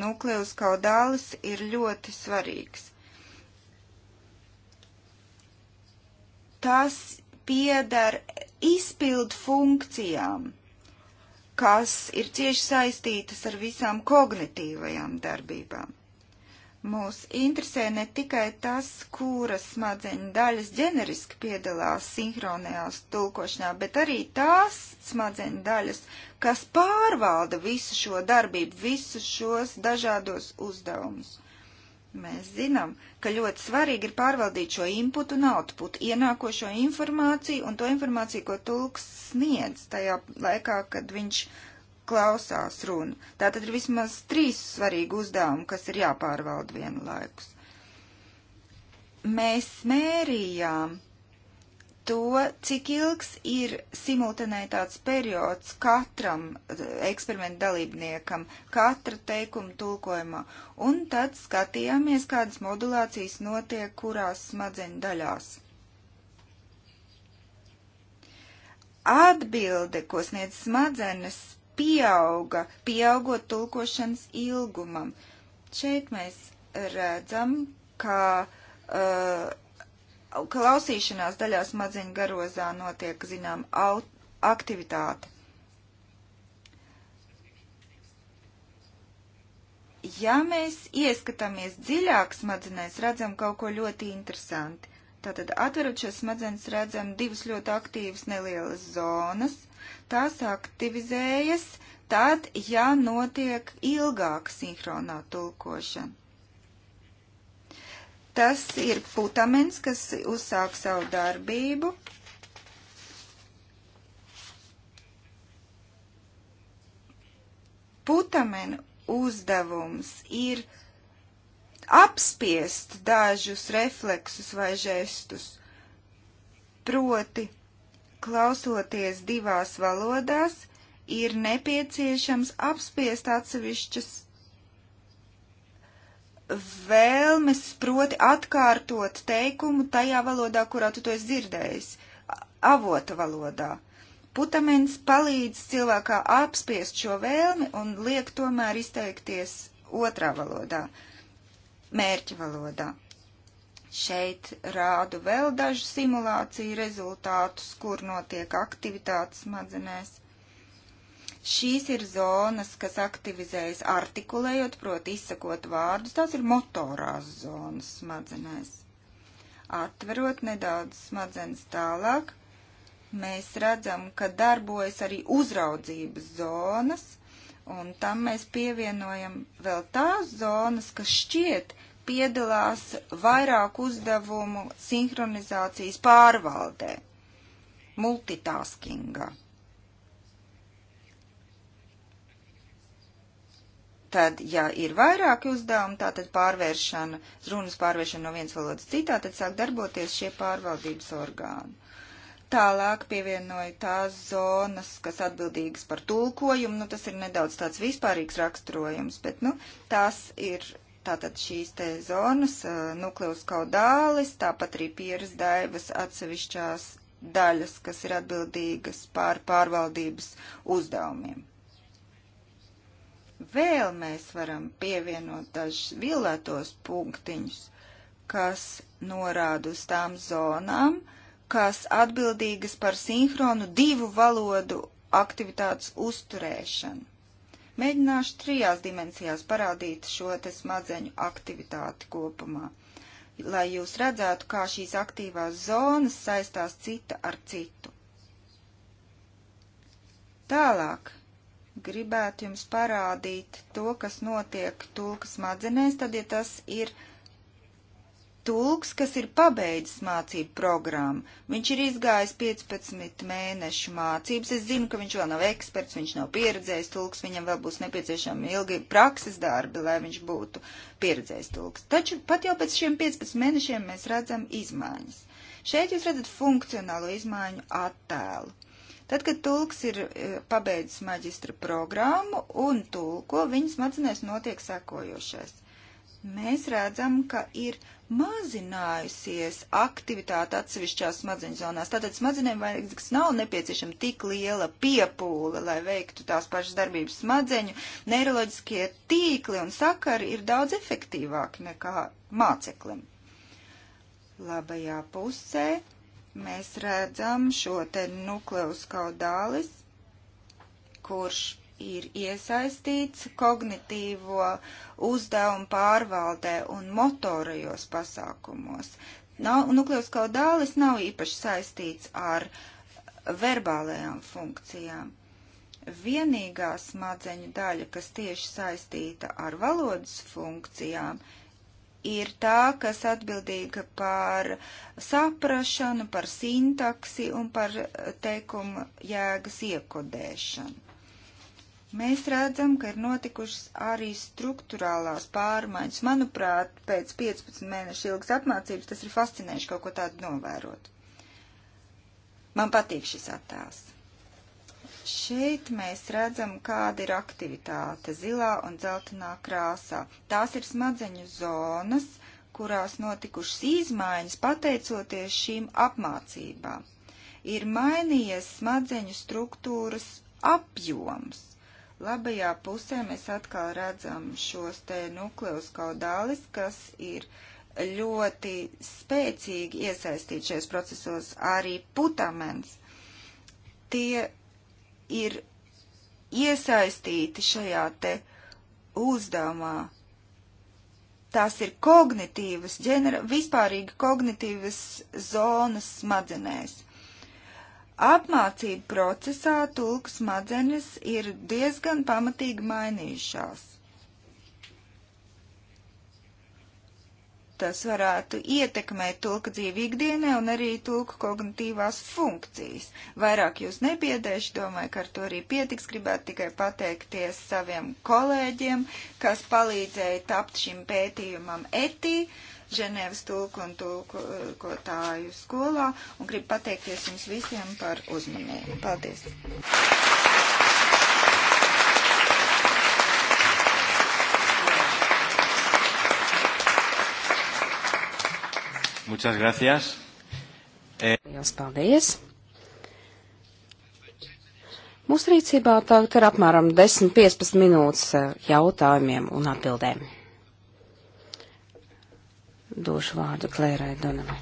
Speaker 2: Nukleus kaudālis ir ļoti svarīgs. Tas piedara izpildu funkcijām kas ir cieši saistītas ar visām kognitīvajām darbībām. Mūs interesē ne tikai tas, kuras smadzeņu daļas ģeneriski piedalās sinhronajās tulkošanā, bet arī tās smadzeņu daļas, kas pārvalda visu šo darbību, visus šos dažādos uzdevumus. Mēs zinām, ka ļoti svarīgi ir pārvaldīt šo input un output, ienākošo informāciju un to informāciju, ko tulks sniedz tajā laikā, kad viņš klausās runu. Tātad ir vismaz trīs svarīgi uzdevumi, kas ir jāpārvalda vienlaikus. Mēs mērījām to, cik ilgs ir simultanētāts periods katram eh, eksperimentu dalībniekam, katra teikuma tulkojumā, un tad skatījāmies, kādas modulācijas notiek kurās smadzeņu daļās. Atbilde, ko sniedz smadzenes, pieauga, pieaugot tulkošanas ilgumam. Šeit mēs redzam, ka uh, klausīšanās daļā smadziņu garozā notiek, zinām, aktivitāte. Ja mēs ieskatāmies dziļāk smadzenēs, redzam kaut ko ļoti interesanti. Tātad atverot šos smadzenes, redzam divas ļoti aktīvas nelielas zonas. Tās aktivizējas tad, ja notiek ilgāka sinhronā tulkošana. Tas ir putamens, kas uzsāk savu darbību. Putamena uzdevums ir apspiest dažus refleksus vai žestus, proti klausoties divās valodās, ir nepieciešams apspiest atsevišķas vēlmes proti atkārtot teikumu tajā valodā, kurā tu to esi dzirdējis, avota valodā. Putamens palīdz cilvēkā apspiest šo vēlmi un liek tomēr izteikties otrā valodā, mērķa valodā. Šeit rādu vēl dažu simulāciju rezultātus, kur notiek aktivitātes smadzenēs. Šīs ir zonas, kas aktivizējas artikulējot, proti izsakot vārdus. Tās ir motorās zonas smadzenēs. Atverot nedaudz smadzenes tālāk, mēs redzam, ka darbojas arī uzraudzības zonas, un tam mēs pievienojam vēl tās zonas, kas šķiet piedalās vairāk uzdevumu sinhronizācijas pārvaldē, multitaskingā. Tad, ja ir vairāki uzdevumi, tātad pārvēršana, runas pārvēršana no vienas valodas citā, tad sāk darboties šie pārvaldības orgāni. Tālāk pievienoja tās zonas, kas atbildīgas par tulkojumu, nu tas ir nedaudz tāds vispārīgs raksturojums, bet, nu, tās ir tātad šīs te zonas, eh, nukleus kaudālis, tāpat arī pieras daivas atsevišķās daļas, kas ir atbildīgas pār pārvaldības uzdevumiem vēl mēs varam pievienot dažus vilētos punktiņus, kas norāda uz tām zonām, kas atbildīgas par sinhronu divu valodu aktivitātes uzturēšanu. Mēģināšu trijās dimensijās parādīt šo te smadzeņu aktivitāti kopumā, lai jūs redzētu, kā šīs aktīvās zonas saistās cita ar citu. Tālāk gribētu jums parādīt to, kas notiek tulka smadzenēs, tad, ja tas ir tulks, kas ir pabeidzis mācību programmu, viņš ir izgājis 15 mēnešu mācības, es zinu, ka viņš vēl nav eksperts, viņš nav pieredzējis tulks, viņam vēl būs nepieciešami ilgi prakses darbi, lai viņš būtu pieredzējis tulks. Taču pat jau pēc šiem 15 mēnešiem mēs redzam izmaiņas. Šeit jūs redzat funkcionālo izmaiņu attēlu Tad, kad tulks ir e, pabeidzis maģistra programmu un tulko, viņa smadzenēs notiek sekojošais. Mēs redzam, ka ir mazinājusies aktivitāte atsevišķās smadzeņu zonās. Tātad smadzenēm vajadzīgs nav nepieciešama tik liela piepūle, lai veiktu tās pašas darbības smadzeņu. Neiroloģiskie tīkli un sakari ir daudz efektīvāki nekā māceklim. Labajā pusē mēs redzam šo te nukleus kaudālis, kurš ir iesaistīts kognitīvo uzdevumu pārvaldē un motorajos pasākumos. Nav, nukleus kaudālis nav īpaši saistīts ar verbālajām funkcijām. Vienīgā smadzeņu daļa, kas tieši saistīta ar valodas funkcijām, ir ir tā, kas atbildīga par saprašanu, par sintaksi un par teikuma jēgas iekodēšanu. Mēs redzam, ka ir notikušas arī struktūrālās pārmaiņas. Manuprāt, pēc 15 mēnešu ilgas apmācības tas ir fascinējuši kaut ko tādu novērot. Man patīk šis attēls. Šeit mēs redzam, kāda ir aktivitāte zilā un dzeltenā krāsā. Tās ir smadzeņu zonas, kurās notikušas izmaiņas pateicoties šīm apmācībām. Ir mainījies smadzeņu struktūras apjoms. Labajā pusē mēs atkal redzam šos te nukleoskaudālis, kas ir ļoti spēcīgi iesaistīti šajos procesos arī putamens. Tie ir iesaistīti šajā te uzdevumā. Tās ir kognitīvas, ģenera, vispārīgi kognitīvas zonas smadzenēs. Apmācību procesā tulku smadzenes ir diezgan pamatīgi mainījušās. tas varētu ietekmēt tulka dzīvi ikdienē un arī tulka kognitīvās funkcijas. Vairāk jūs nebiedēšu, domāju, ka ar to arī pietiks. Gribētu tikai pateikties saviem kolēģiem, kas palīdzēja tapt šim pētījumam etī. Ženēvas tulku un tulkotāju skolā un gribu pateikties jums visiem par uzmanību. Paldies!
Speaker 1: Muchas gracias. Eh, Lielas paldies. Mūsu rīcībā tagad ir apmēram 10-15 minūtes eh, jautājumiem un atbildēm. Došu vārdu Klērai Donavai.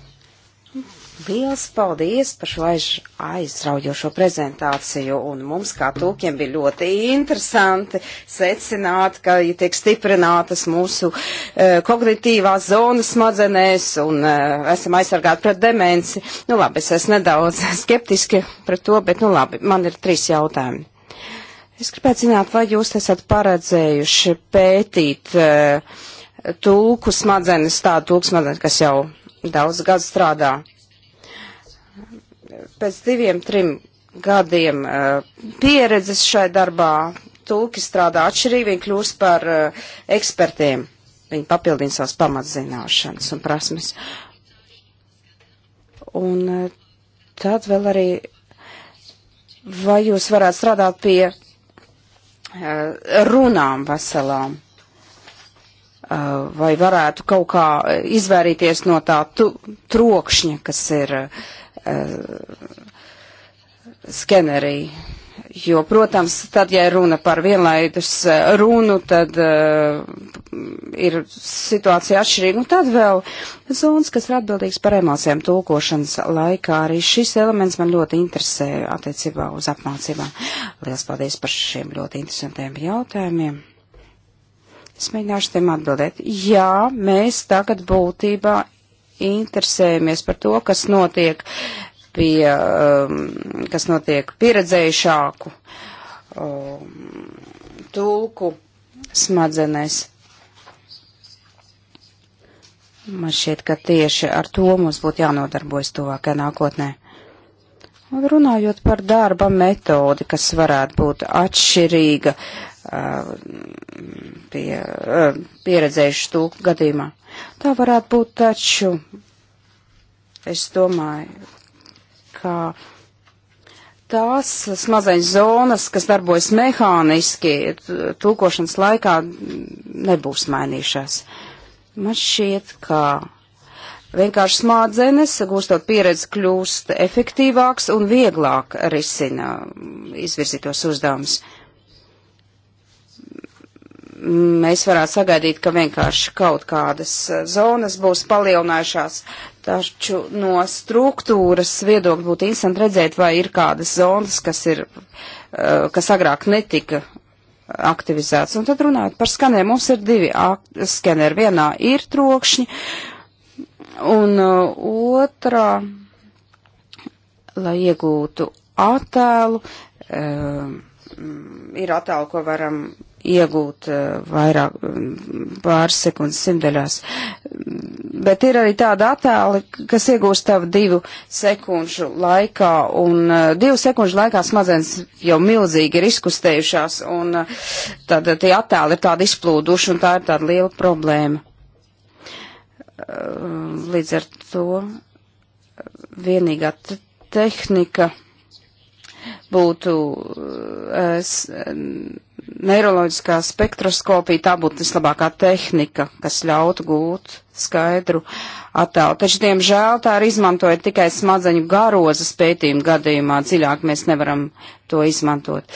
Speaker 1: Liels paldies par šo aizraujošo prezentāciju, un mums kā tūkiem bija ļoti interesanti secināt, ka ja tiek stiprinātas mūsu e, kognitīvās zonas smadzenēs, un e, esam aizsargāti pret demenci. Nu labi, es esmu nedaudz skeptiski pret to, bet nu labi, man ir trīs jautājumi. Es gribētu zināt, vai jūs esat paredzējuši pētīt e, tulku smadzenes, tādu tulku smadzenes, kas jau daudz gadu strādā pēc diviem, trim gadiem uh, pieredzes šai darbā, tulki strādā atšķirīgi, viņi kļūst par uh, ekspertiem. Viņi papildina savas pamatzināšanas un prasmes. Un uh, tad vēl arī, vai jūs varētu strādāt pie runām veselām? Vai varētu kaut kā izvairīties no tā tu, trokšņa, kas ir uh, skenerī. Jo, protams, tad, ja runa par vienlaidus eh, runu, tad uh, ir situācija atšķirīga. Un tad vēl zonas, kas ir atbildīgs par emocijām tulkošanas laikā. Arī šis elements man ļoti interesē attiecībā uz apmācībām. Lielas paldies par šiem ļoti interesantiem jautājumiem. Es mēģināšu tiem atbildēt. Jā, mēs tagad būtībā interesējamies par to, kas notiek, pie, um, kas notiek pieredzējušāku um, tulku smadzenēs. Man šķiet, ka tieši ar to mums būtu jānodarbojas tuvākajā nākotnē. Un runājot par darba metodi, kas varētu būt atšķirīga, uh, Uh, pie, uh, pieredzējuši tūku gadījumā. Tā varētu būt taču, es domāju, ka tās smadzeņu zonas, kas darbojas mehāniski, tūkošanas laikā nebūs mainījušās. Man šķiet, ka vienkārši smadzenes, gūstot pieredzi, kļūst efektīvāks un vieglāk risina izvirzītos uzdevumus mēs varētu sagaidīt, ka vienkārši kaut kādas eh, zonas būs palielinājušās, taču no struktūras viedokļa būtu interesanti redzēt, vai ir kādas zonas, kas ir, eh, kas agrāk netika aktivizēts. Un tad runājot par skaneriem, mums ir divi skeneri. Vienā ir trokšņi, un eh, otrā, lai iegūtu attēlu, ir attēlu, ko varam iegūt eh, vairāk mm, pāris sekundes simtdaļās. Bet ir arī tāda attēla, kas iegūst tavu divu sekundžu laikā, un eh, divu sekundžu laikā smadzenes jau milzīgi ir izkustējušās, un eh, tad tie attēli ir tādi izplūduši, un tā ir tāda liela problēma. Līdz ar to vienīgā tehnika būtu es, neiroloģiskā spektroskopija tā būtu vislabākā tehnika, kas ļautu gūt skaidru attēlu. Taču, diemžēl, tā ir izmantoja tikai smadzeņu garozas pētījuma gadījumā. Dziļāk mēs nevaram to izmantot.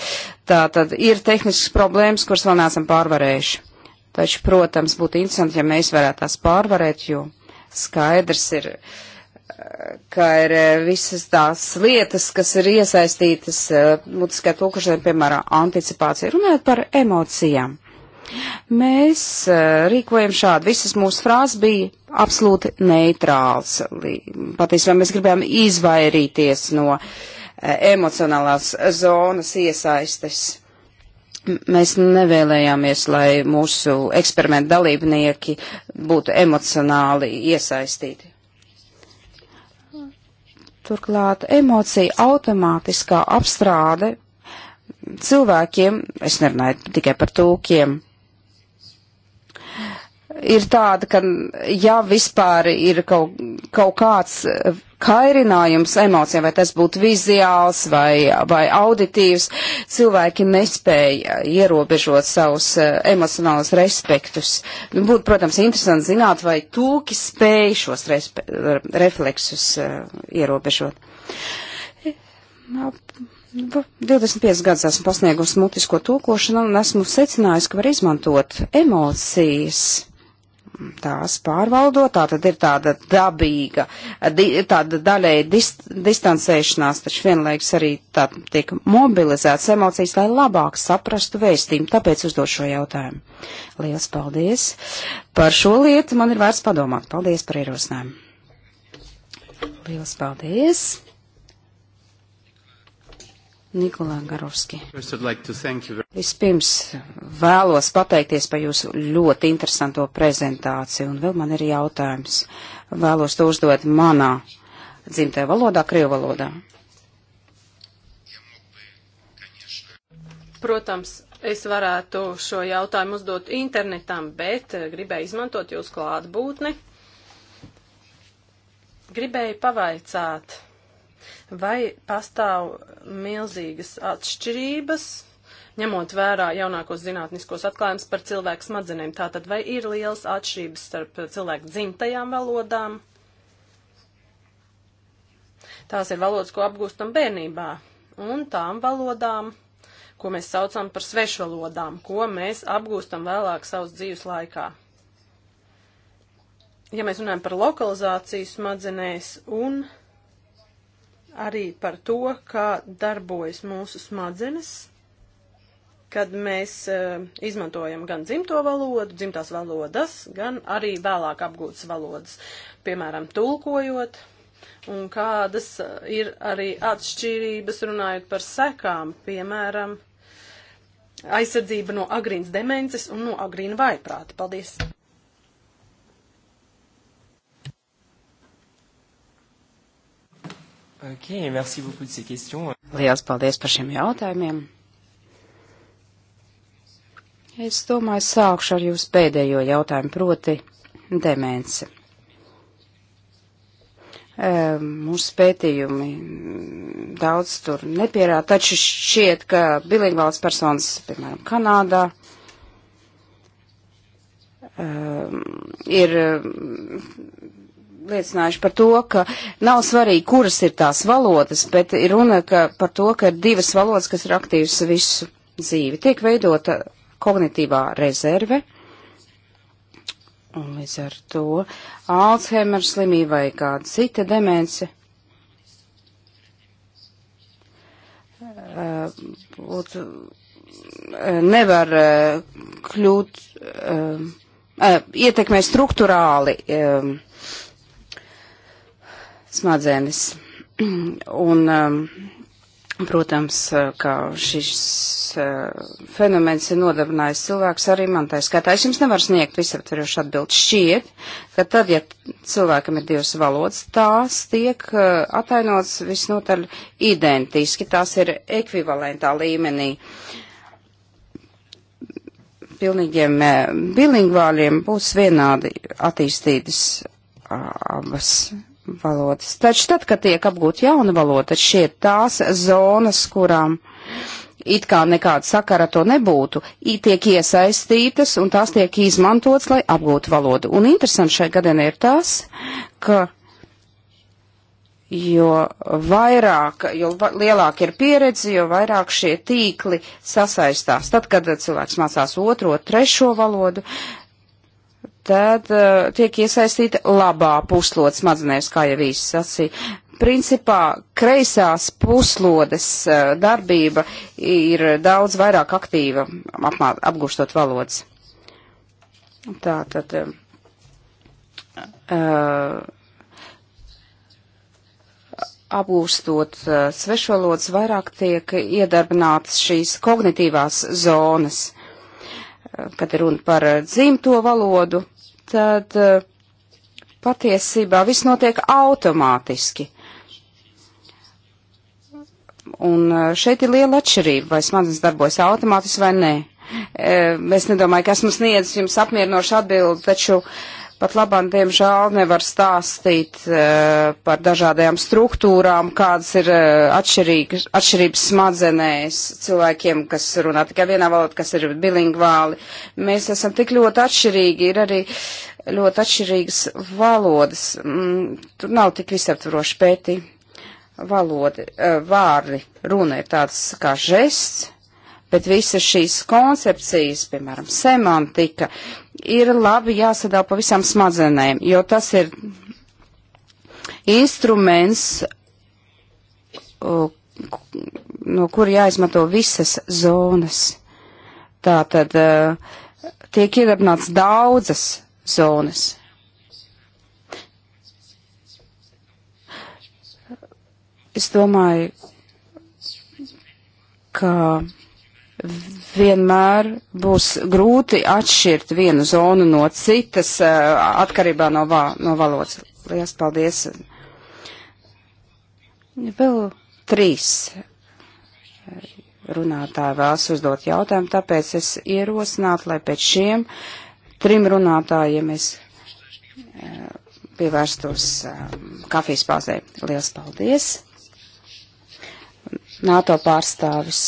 Speaker 1: Tā tad ir tehniskas problēmas, kuras vēl neesam pārvarējuši. Taču, protams, būtu interesanti, ja mēs varētu tās pārvarēt, jo skaidrs ir. Uh, ka ir eh, visas tās lietas, kas ir iesaistītas eh, mutiskajā tūkošanā, piemēram, anticipācija, runājot par emocijām. Mēs eh, rīkojam šādi, visas mūsu frāzes bija absolūti neitrāls. Patiesībā mēs gribējām izvairīties no emocionālās zonas iesaistes. Mēs nevēlējāmies, lai mūsu eksperimentu dalībnieki būtu emocionāli iesaistīti. Turklāt emocija automātiskā apstrāde cilvēkiem, es nerunāju tikai par tūkiem, ir tāda, ka ja vispār ir kaut, kaut kāds eh, kairinājums emocijām, vai tas būtu vizuāls vai, vai auditīvs, cilvēki nespēja ierobežot savus eh, emocionālus respektus. Nu, būtu, protams, interesanti zināt, vai tūki spēj šos respe, refleksus uh, ierobežot. 25 gadus esmu pasniegusi mutisko tūkošanu un esmu secinājusi, ka var izmantot emocijas tās pārvaldot, tā tad ir tāda dabīga, di, tāda daļēji dist, distancēšanās, taču vienlaiks arī tā tiek mobilizētas emocijas, lai labāk saprastu vēstījumu, tāpēc uzdot šo jautājumu. Lielas paldies! Par šo lietu man ir vērts padomāt. Paldies par ierosinājumu! Lielas paldies! Nikolā Garovski. Vispirms vēlos pateikties par jūsu ļoti interesanto prezentāciju, un vēl man ir jautājums. Vēlos to uzdot manā dzimtajā valodā, krievu valodā.
Speaker 3: Protams, es varētu šo jautājumu uzdot internetam, bet gribēju izmantot jūsu klātbūtni. Gribēju pavaicāt Vai pastāv milzīgas atšķirības, ņemot vērā jaunākos zinātniskos atklājumus par cilvēku smadzenēm? Tātad, vai ir lielas atšķirības starp cilvēku dzimtajām valodām? Tās ir valodas, ko apgūstam bērnībā, un tām valodām, ko mēs saucam par svešvalodām, ko mēs apgūstam vēlāk savas dzīves laikā ja mēs runājam par lokalizāciju smadzenēs un arī par to, kā darbojas mūsu smadzenes, kad mēs uh, izmantojam gan dzimto valodu, dzimtās valodas, gan arī vēlāk apgūtas valodas, piemēram, tulkojot, un kādas eh, ir arī atšķirības runājot par sekām, piemēram, aizsardzība no agrīnas demences un no agrīna vaiprāta. Paldies!
Speaker 2: Okay, merci beaucoup de ces questions.
Speaker 1: Lielas paldies par šiem jautājumiem. Es domāju, sākšu ar jūsu pēdējo jautājumu, proti demenci. Ehm, mūsu pētījumi daudz tur nepierāda, taču šķiet, ka bilingvāls personas, piemēram, Kanādā, ehm, ir liecinājuši par to, ka nav svarīgi, kuras ir tās valodas, bet ir runa ka, par to, ka ir divas valodas, kas ir aktīvas visu dzīvi. Tiek veidota kognitīvā rezerve, un līdz ar to Alzheimer slimība vai kāda cita demence. Būtu, nevar eh, kļūt, eh, eh, ietekmē struktūrāli smadzenes. Un, um, protams, uh, ka šis uh, fenomens ir nodarbinājis cilvēks arī man tā skatā. Es jums nevaru sniegt visaptverošu atbildi. Šķiet, ka tad, ja cilvēkam ir divas valodas, tās tiek uh, atainots visnotaļ identiski, tās ir ekvivalentā līmenī. Pilnīgiem uh, bilingvāļiem būs vienādi attīstītas uh, abas valodas. Taču tad, kad tiek apgūta jauna valoda, šie tās zonas, kurām it kā nekāda sakara to nebūtu, tiek iesaistītas un tās tiek izmantotas, lai apgūtu valodu. Un interesanti šai gadienai ir tas, ka jo vairāk, jo lielāka ir pieredze, jo vairāk šie tīkli sasaistās. Tad, kad cilvēks mācās otro, trešo valodu, tad uh, tiek iesaistīta labā puslodes smadzenēs, kā jau visi sacīja. Principā kreisās puslodes uh, darbība ir daudz vairāk aktīva apmā, apgūstot valodas. Tā tad. Um, uh, apgūstot uh, svešvalodas vairāk tiek iedarbinātas šīs kognitīvās zonas kad ir runa par eh, dzimto valodu, tad eh, patiesībā viss notiek automātiski. Un eh, šeit ir liela atšķirība, vai smadzenes darbojas automātiski vai nē. Es nedomāju, ka esmu sniedzis jums apmierinošu atbildi, taču uh, Pat labam, diemžēl, nevar stāstīt uh, par dažādajām struktūrām, kādas ir uh, atšķirīgas, atšķirības smadzenēs cilvēkiem, kas runā tikai vienā valodā, kas ir bilingvāli. Mēs esam tik ļoti atšķirīgi, ir arī ļoti atšķirīgas valodas. Mm, tur nav tik visaptvaroši pēti valodi, uh, vārdi. Runa ir tāds kā žests, bet visas šīs koncepcijas, piemēram, semantika, ir labi jāsadala pavisam smadzenēm, jo tas ir instruments, no kura jāizmanto visas zonas. Tā tad e, tiek iedarbināts daudzas zonas. Es domāju, ka vienmēr būs grūti atšķirt vienu zonu no citas eh, atkarībā no, vā, no valodas. Lielas paldies! Vēl trīs eh, runātāji vēlas uzdot jautājumu, tāpēc es ierosinātu, lai pēc šiem trim runātājiem es eh, pievērstos kafijas pauzē. Lielas paldies! NATO pārstāvis.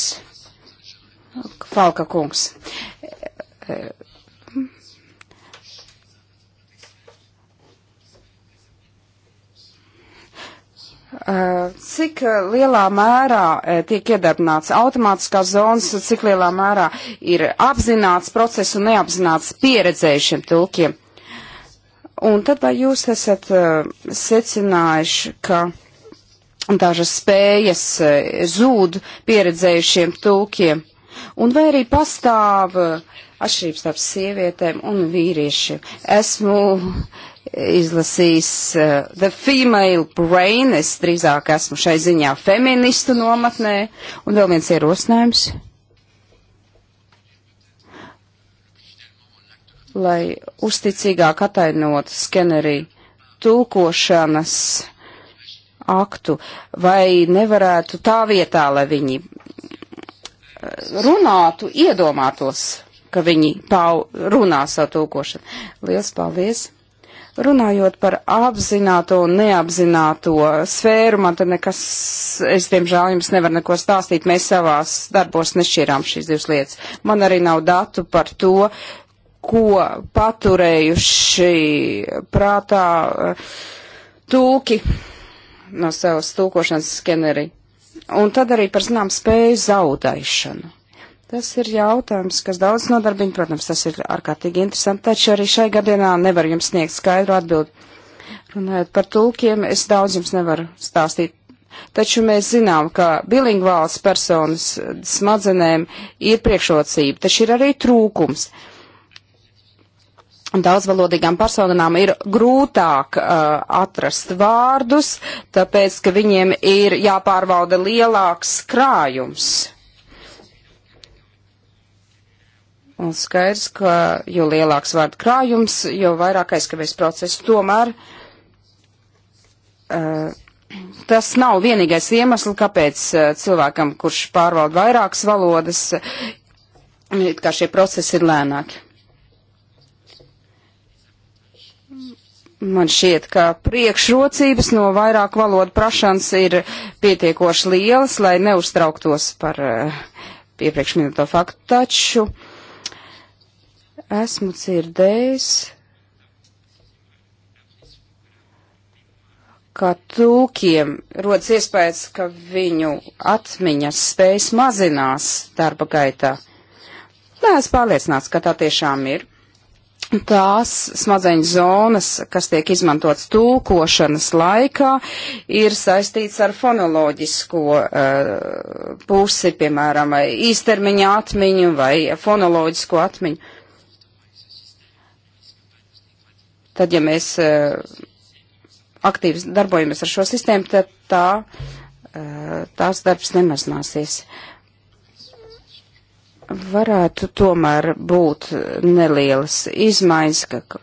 Speaker 1: Falka kungs. Cik lielā mērā eh, tiek iedarbināts automātiskās zonas, cik lielā mērā ir apzināts process un neapzināts pieredzējušiem tulkiem? Un tad vai jūs esat eh, secinājuši, ka dažas spējas eh, zūd pieredzējušiem tulkiem? Un vai arī pastāv atšķirības starp sievietēm un vīriešiem? Esmu izlasījis uh, The Female Brain, es drīzāk esmu šai ziņā feministu nomatnē, un vēl viens ierosinājums. Lai uzticīgāk atainot skenerī tulkošanas aktu, vai nevarētu tā vietā, lai viņi runātu, iedomātos, ka viņi pau, runā savu tūkošanu. Lielas paldies! Runājot par apzināto un neapzināto sfēru, man te nekas, es diemžēl jums nevaru neko stāstīt, mēs savās darbos nešķirām šīs divas lietas. Man arī nav datu par to, ko paturējuši prātā eh, tūki no savas tūkošanas skenerija un tad arī par zinām spēju zaudēšanu. Tas ir jautājums, kas daudz nodarbina, protams, tas ir ārkārtīgi interesanti, taču arī šai gadienā nevar jums sniegt skaidru atbildi. Runājot par tulkiem, es daudz jums nevaru stāstīt, taču mēs zinām, ka bilingvāls personas smadzenēm ir priekšrocība, taču ir arī trūkums. Uh, daudzvalodīgām personām ir grūtāk uh, atrast vārdus, tāpēc, ka viņiem ir jāpārvalda lielāks krājums. Un skaidrs, ka jo lielāks vārdu krājums, jo vairāk aizkavēs procesu. Tomēr uh, tas nav vienīgais iemesls, kāpēc uh, cilvēkam, kurš pārvalda vairākas valodas, uh, kā šie procesi ir lēnāki. Man šķiet, ka priekšrocības no vairāk valodu prašanas ir pietiekoši lielas, lai neuztrauktos par eh, iepriekš minēto faktu, taču esmu dzirdējis, ka tulkiem rodas iespējas, ka viņu atmiņas spējas mazinās darba gaitā. Nē, es pārliecināts, ka tā tiešām ir tās smadzeņu zonas, kas tiek izmantotas tulkošanas laikā, ir saistīts ar fonoloģisko uh, pusi, piemēram, vai īstermiņa atmiņu vai fonoloģisko atmiņu. Tad, ja mēs uh, aktīvi darbojamies ar šo sistēmu, tad tā, uh, tās darbs nemazināsies. Uh, varētu tomēr būt nelielas izmaiņas, ka.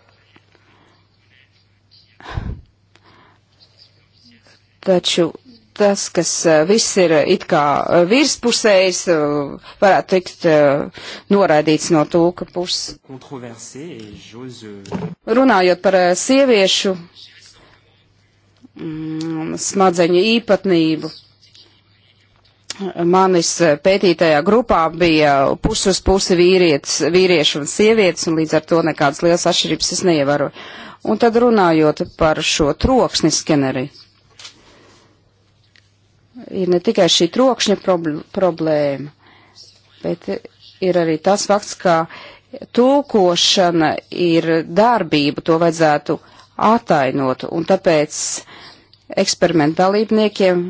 Speaker 1: Taču tas, kas eh, viss ir eh, it kā eh, virspusējs, varētu tikt noraidīts no tūka puses. Runājot par sieviešu mm, smadzeņu īpatnību manis eh, pētītajā grupā bija pus uz pusi vīrietis, vīrieši un sievietes, un līdz ar to nekādas liels atšķirības es neievaru. Un tad runājot par šo troksni skeneri. Ir ne tikai šī trokšņa problēma, bet ir arī tas fakts, ka tulkošana ir darbība, to vajadzētu atainot, un tāpēc eksperimentu dalībniekiem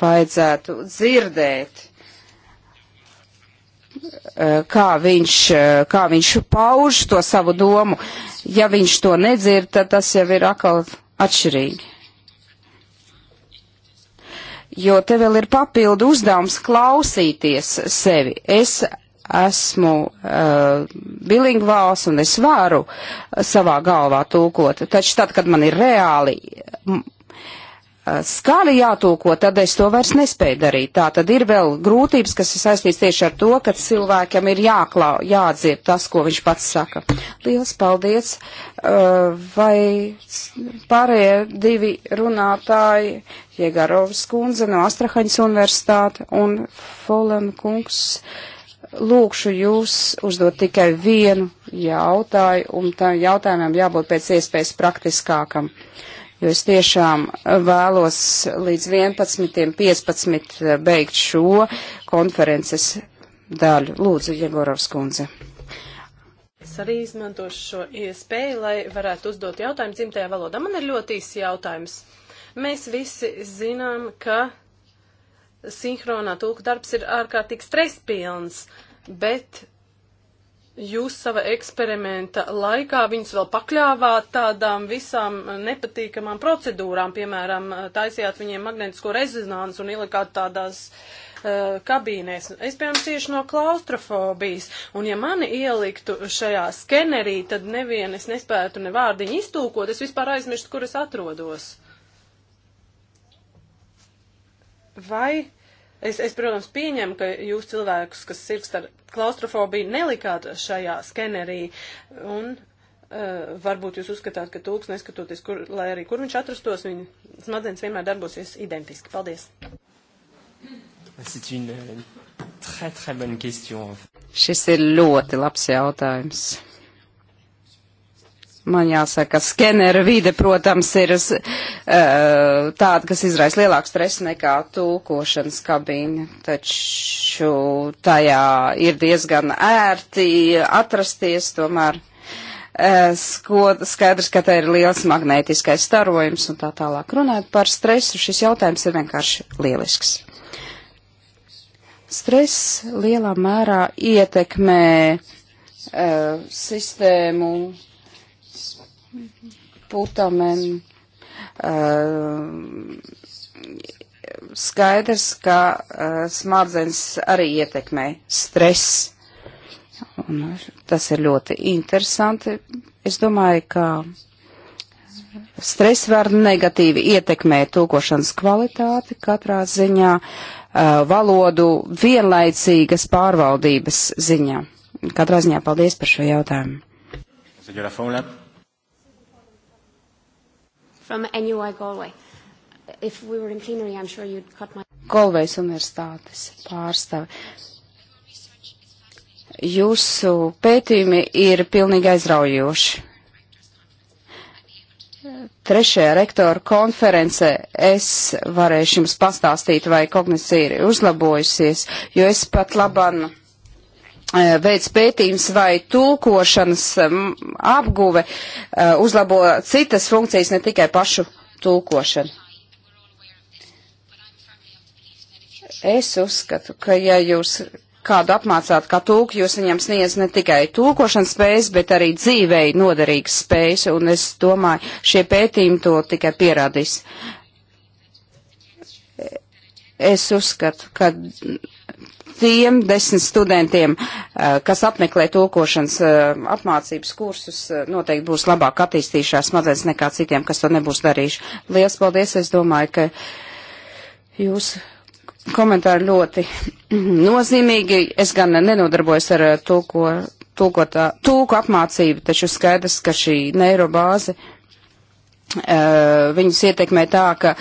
Speaker 1: vajadzētu dzirdēt, eh, kā viņš, eh, kā viņš pauž to savu domu. Ja viņš to nedzird, tad tas jau ir atkal atšķirīgi. Jo te vēl ir papildu uzdevums klausīties sevi. Es esmu uh, bilingvāls un es varu savā galvā tūkot. Taču tad, kad man ir reāli Eh, skali jātūko, tad es to vairs nespēju darīt. Tā tad ir vēl grūtības, kas ir saistīts tieši ar to, ka cilvēkam ir jāklā, jādzird tas, ko viņš pats saka. Liels paldies! Eh, vai pārējie divi runātāji, Jēgarovas kundze no Astrahaņas universitāte un Folan kungs, lūkšu jūs uzdot tikai vienu jautāju, un tam jautājumam jābūt pēc iespējas praktiskākam. Uh, jo es tiešām vēlos līdz 11.15 beigt šo konferences daļu. Lūdzu, Jegorovs kundze.
Speaker 3: Es arī izmantošu šo iespēju, lai varētu uzdot jautājumu dzimtajā valodā. Man ir ļoti īsts jautājums. Mēs visi zinām, ka sinhronā tūka darbs ir ārkārtīgi stresspilns, bet jūs sava eksperimenta laikā viņus vēl pakļāvāt tādām visām nepatīkamām procedūrām, piemēram, taisījāt viņiem magnetisko rezonansu un ielikāt tādās uh, kabīnēs. Es, piemēram, cieši no klaustrofobijas, un ja mani ieliktu šajā skenerī, tad nevien es nespētu ne vārdiņu iztūkot, es vispār aizmirstu, kur es atrodos. Vai Es, es, protams, pieņemu, ka jūs cilvēkus, kas sirds ar klaustrofobiju, nelikāt šajā skenerī, un uh, varbūt jūs uzskatāt, ka tūks, neskatoties, kur, lai arī kur viņš atrastos, viņa smadzenes vienmēr darbosies identiski. Paldies!
Speaker 2: Ah, une, euh, très, très
Speaker 1: Šis ir ļoti labs jautājums. Man jāsaka, skenera vide, protams, ir uh, tāda, kas izraisa lielāku stresu nekā tūkošanas kabīne, taču tajā ir diezgan ērti atrasties, tomēr uh, skaidrs, ka te ir liels magnētiskais starojums un tā tālāk. Runājot par stresu, šis jautājums ir vienkārši lielisks. Stress lielā mērā ietekmē uh, sistēmu putamen. Uh, eh, skaidrs, ka uh, smadzenes arī ietekmē stress. Un tas ir ļoti interesanti. Es domāju, ka stress var negatīvi ietekmēt tulkošanas kvalitāti katrā ziņā, uh, valodu vienlaicīgas pārvaldības ziņā. Katrā ziņā paldies par šo jautājumu.
Speaker 2: Señora Faula from
Speaker 1: NUI Galway. If we were in plenary, I'm sure you'd cut my... Galvejas universitātes pārstāve. Jūsu pētījumi ir pilnīgi aizraujoši. Trešajā rektora konferencē es varēšu jums pastāstīt, vai kognicija ir uzlabojusies, jo es pat labanu Eh, veids pētījums vai tulkošanas eh, apguve eh, uzlabo citas funkcijas, ne tikai pašu tulkošanu. Es uzskatu, ka ja jūs kādu apmācāt kā tulku, jūs viņam sniedz ne tikai tulkošanas spējas, bet arī dzīvēi noderīgas spējas, un es domāju, šie pētījumi to tikai pierādīs. Es uzskatu, ka tiem desmit studentiem, eh, kas apmeklē tulkošanas eh, apmācības kursus, eh, noteikti būs labāk attīstījušās smadzenes nekā citiem, kas to nebūs darījuši. Lielas paldies! Es domāju, ka jūs komentāri ļoti nozīmīgi. Es gan nenodarbojos ar tulko, tulkotā, tulku apmācību, taču skaidrs, ka šī neirobāze uh, viņus ietekmē tā, ka uh,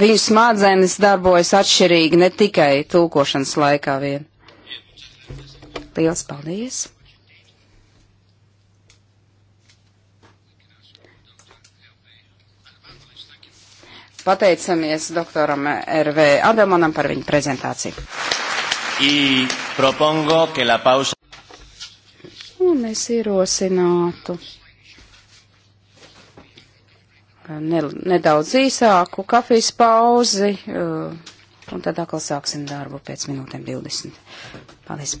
Speaker 1: viņu smadzenes darbojas atšķirīgi ne tikai tulkošanas laikā vien. Liels paldies! Pateicamies doktoram R.V. Adamanam par viņu prezentāciju. Un es ierosinātu ne, nedaudz īsāku kafijas pauzi, uh, un tad atkal sāksim darbu pēc minūtēm 20. Paldies!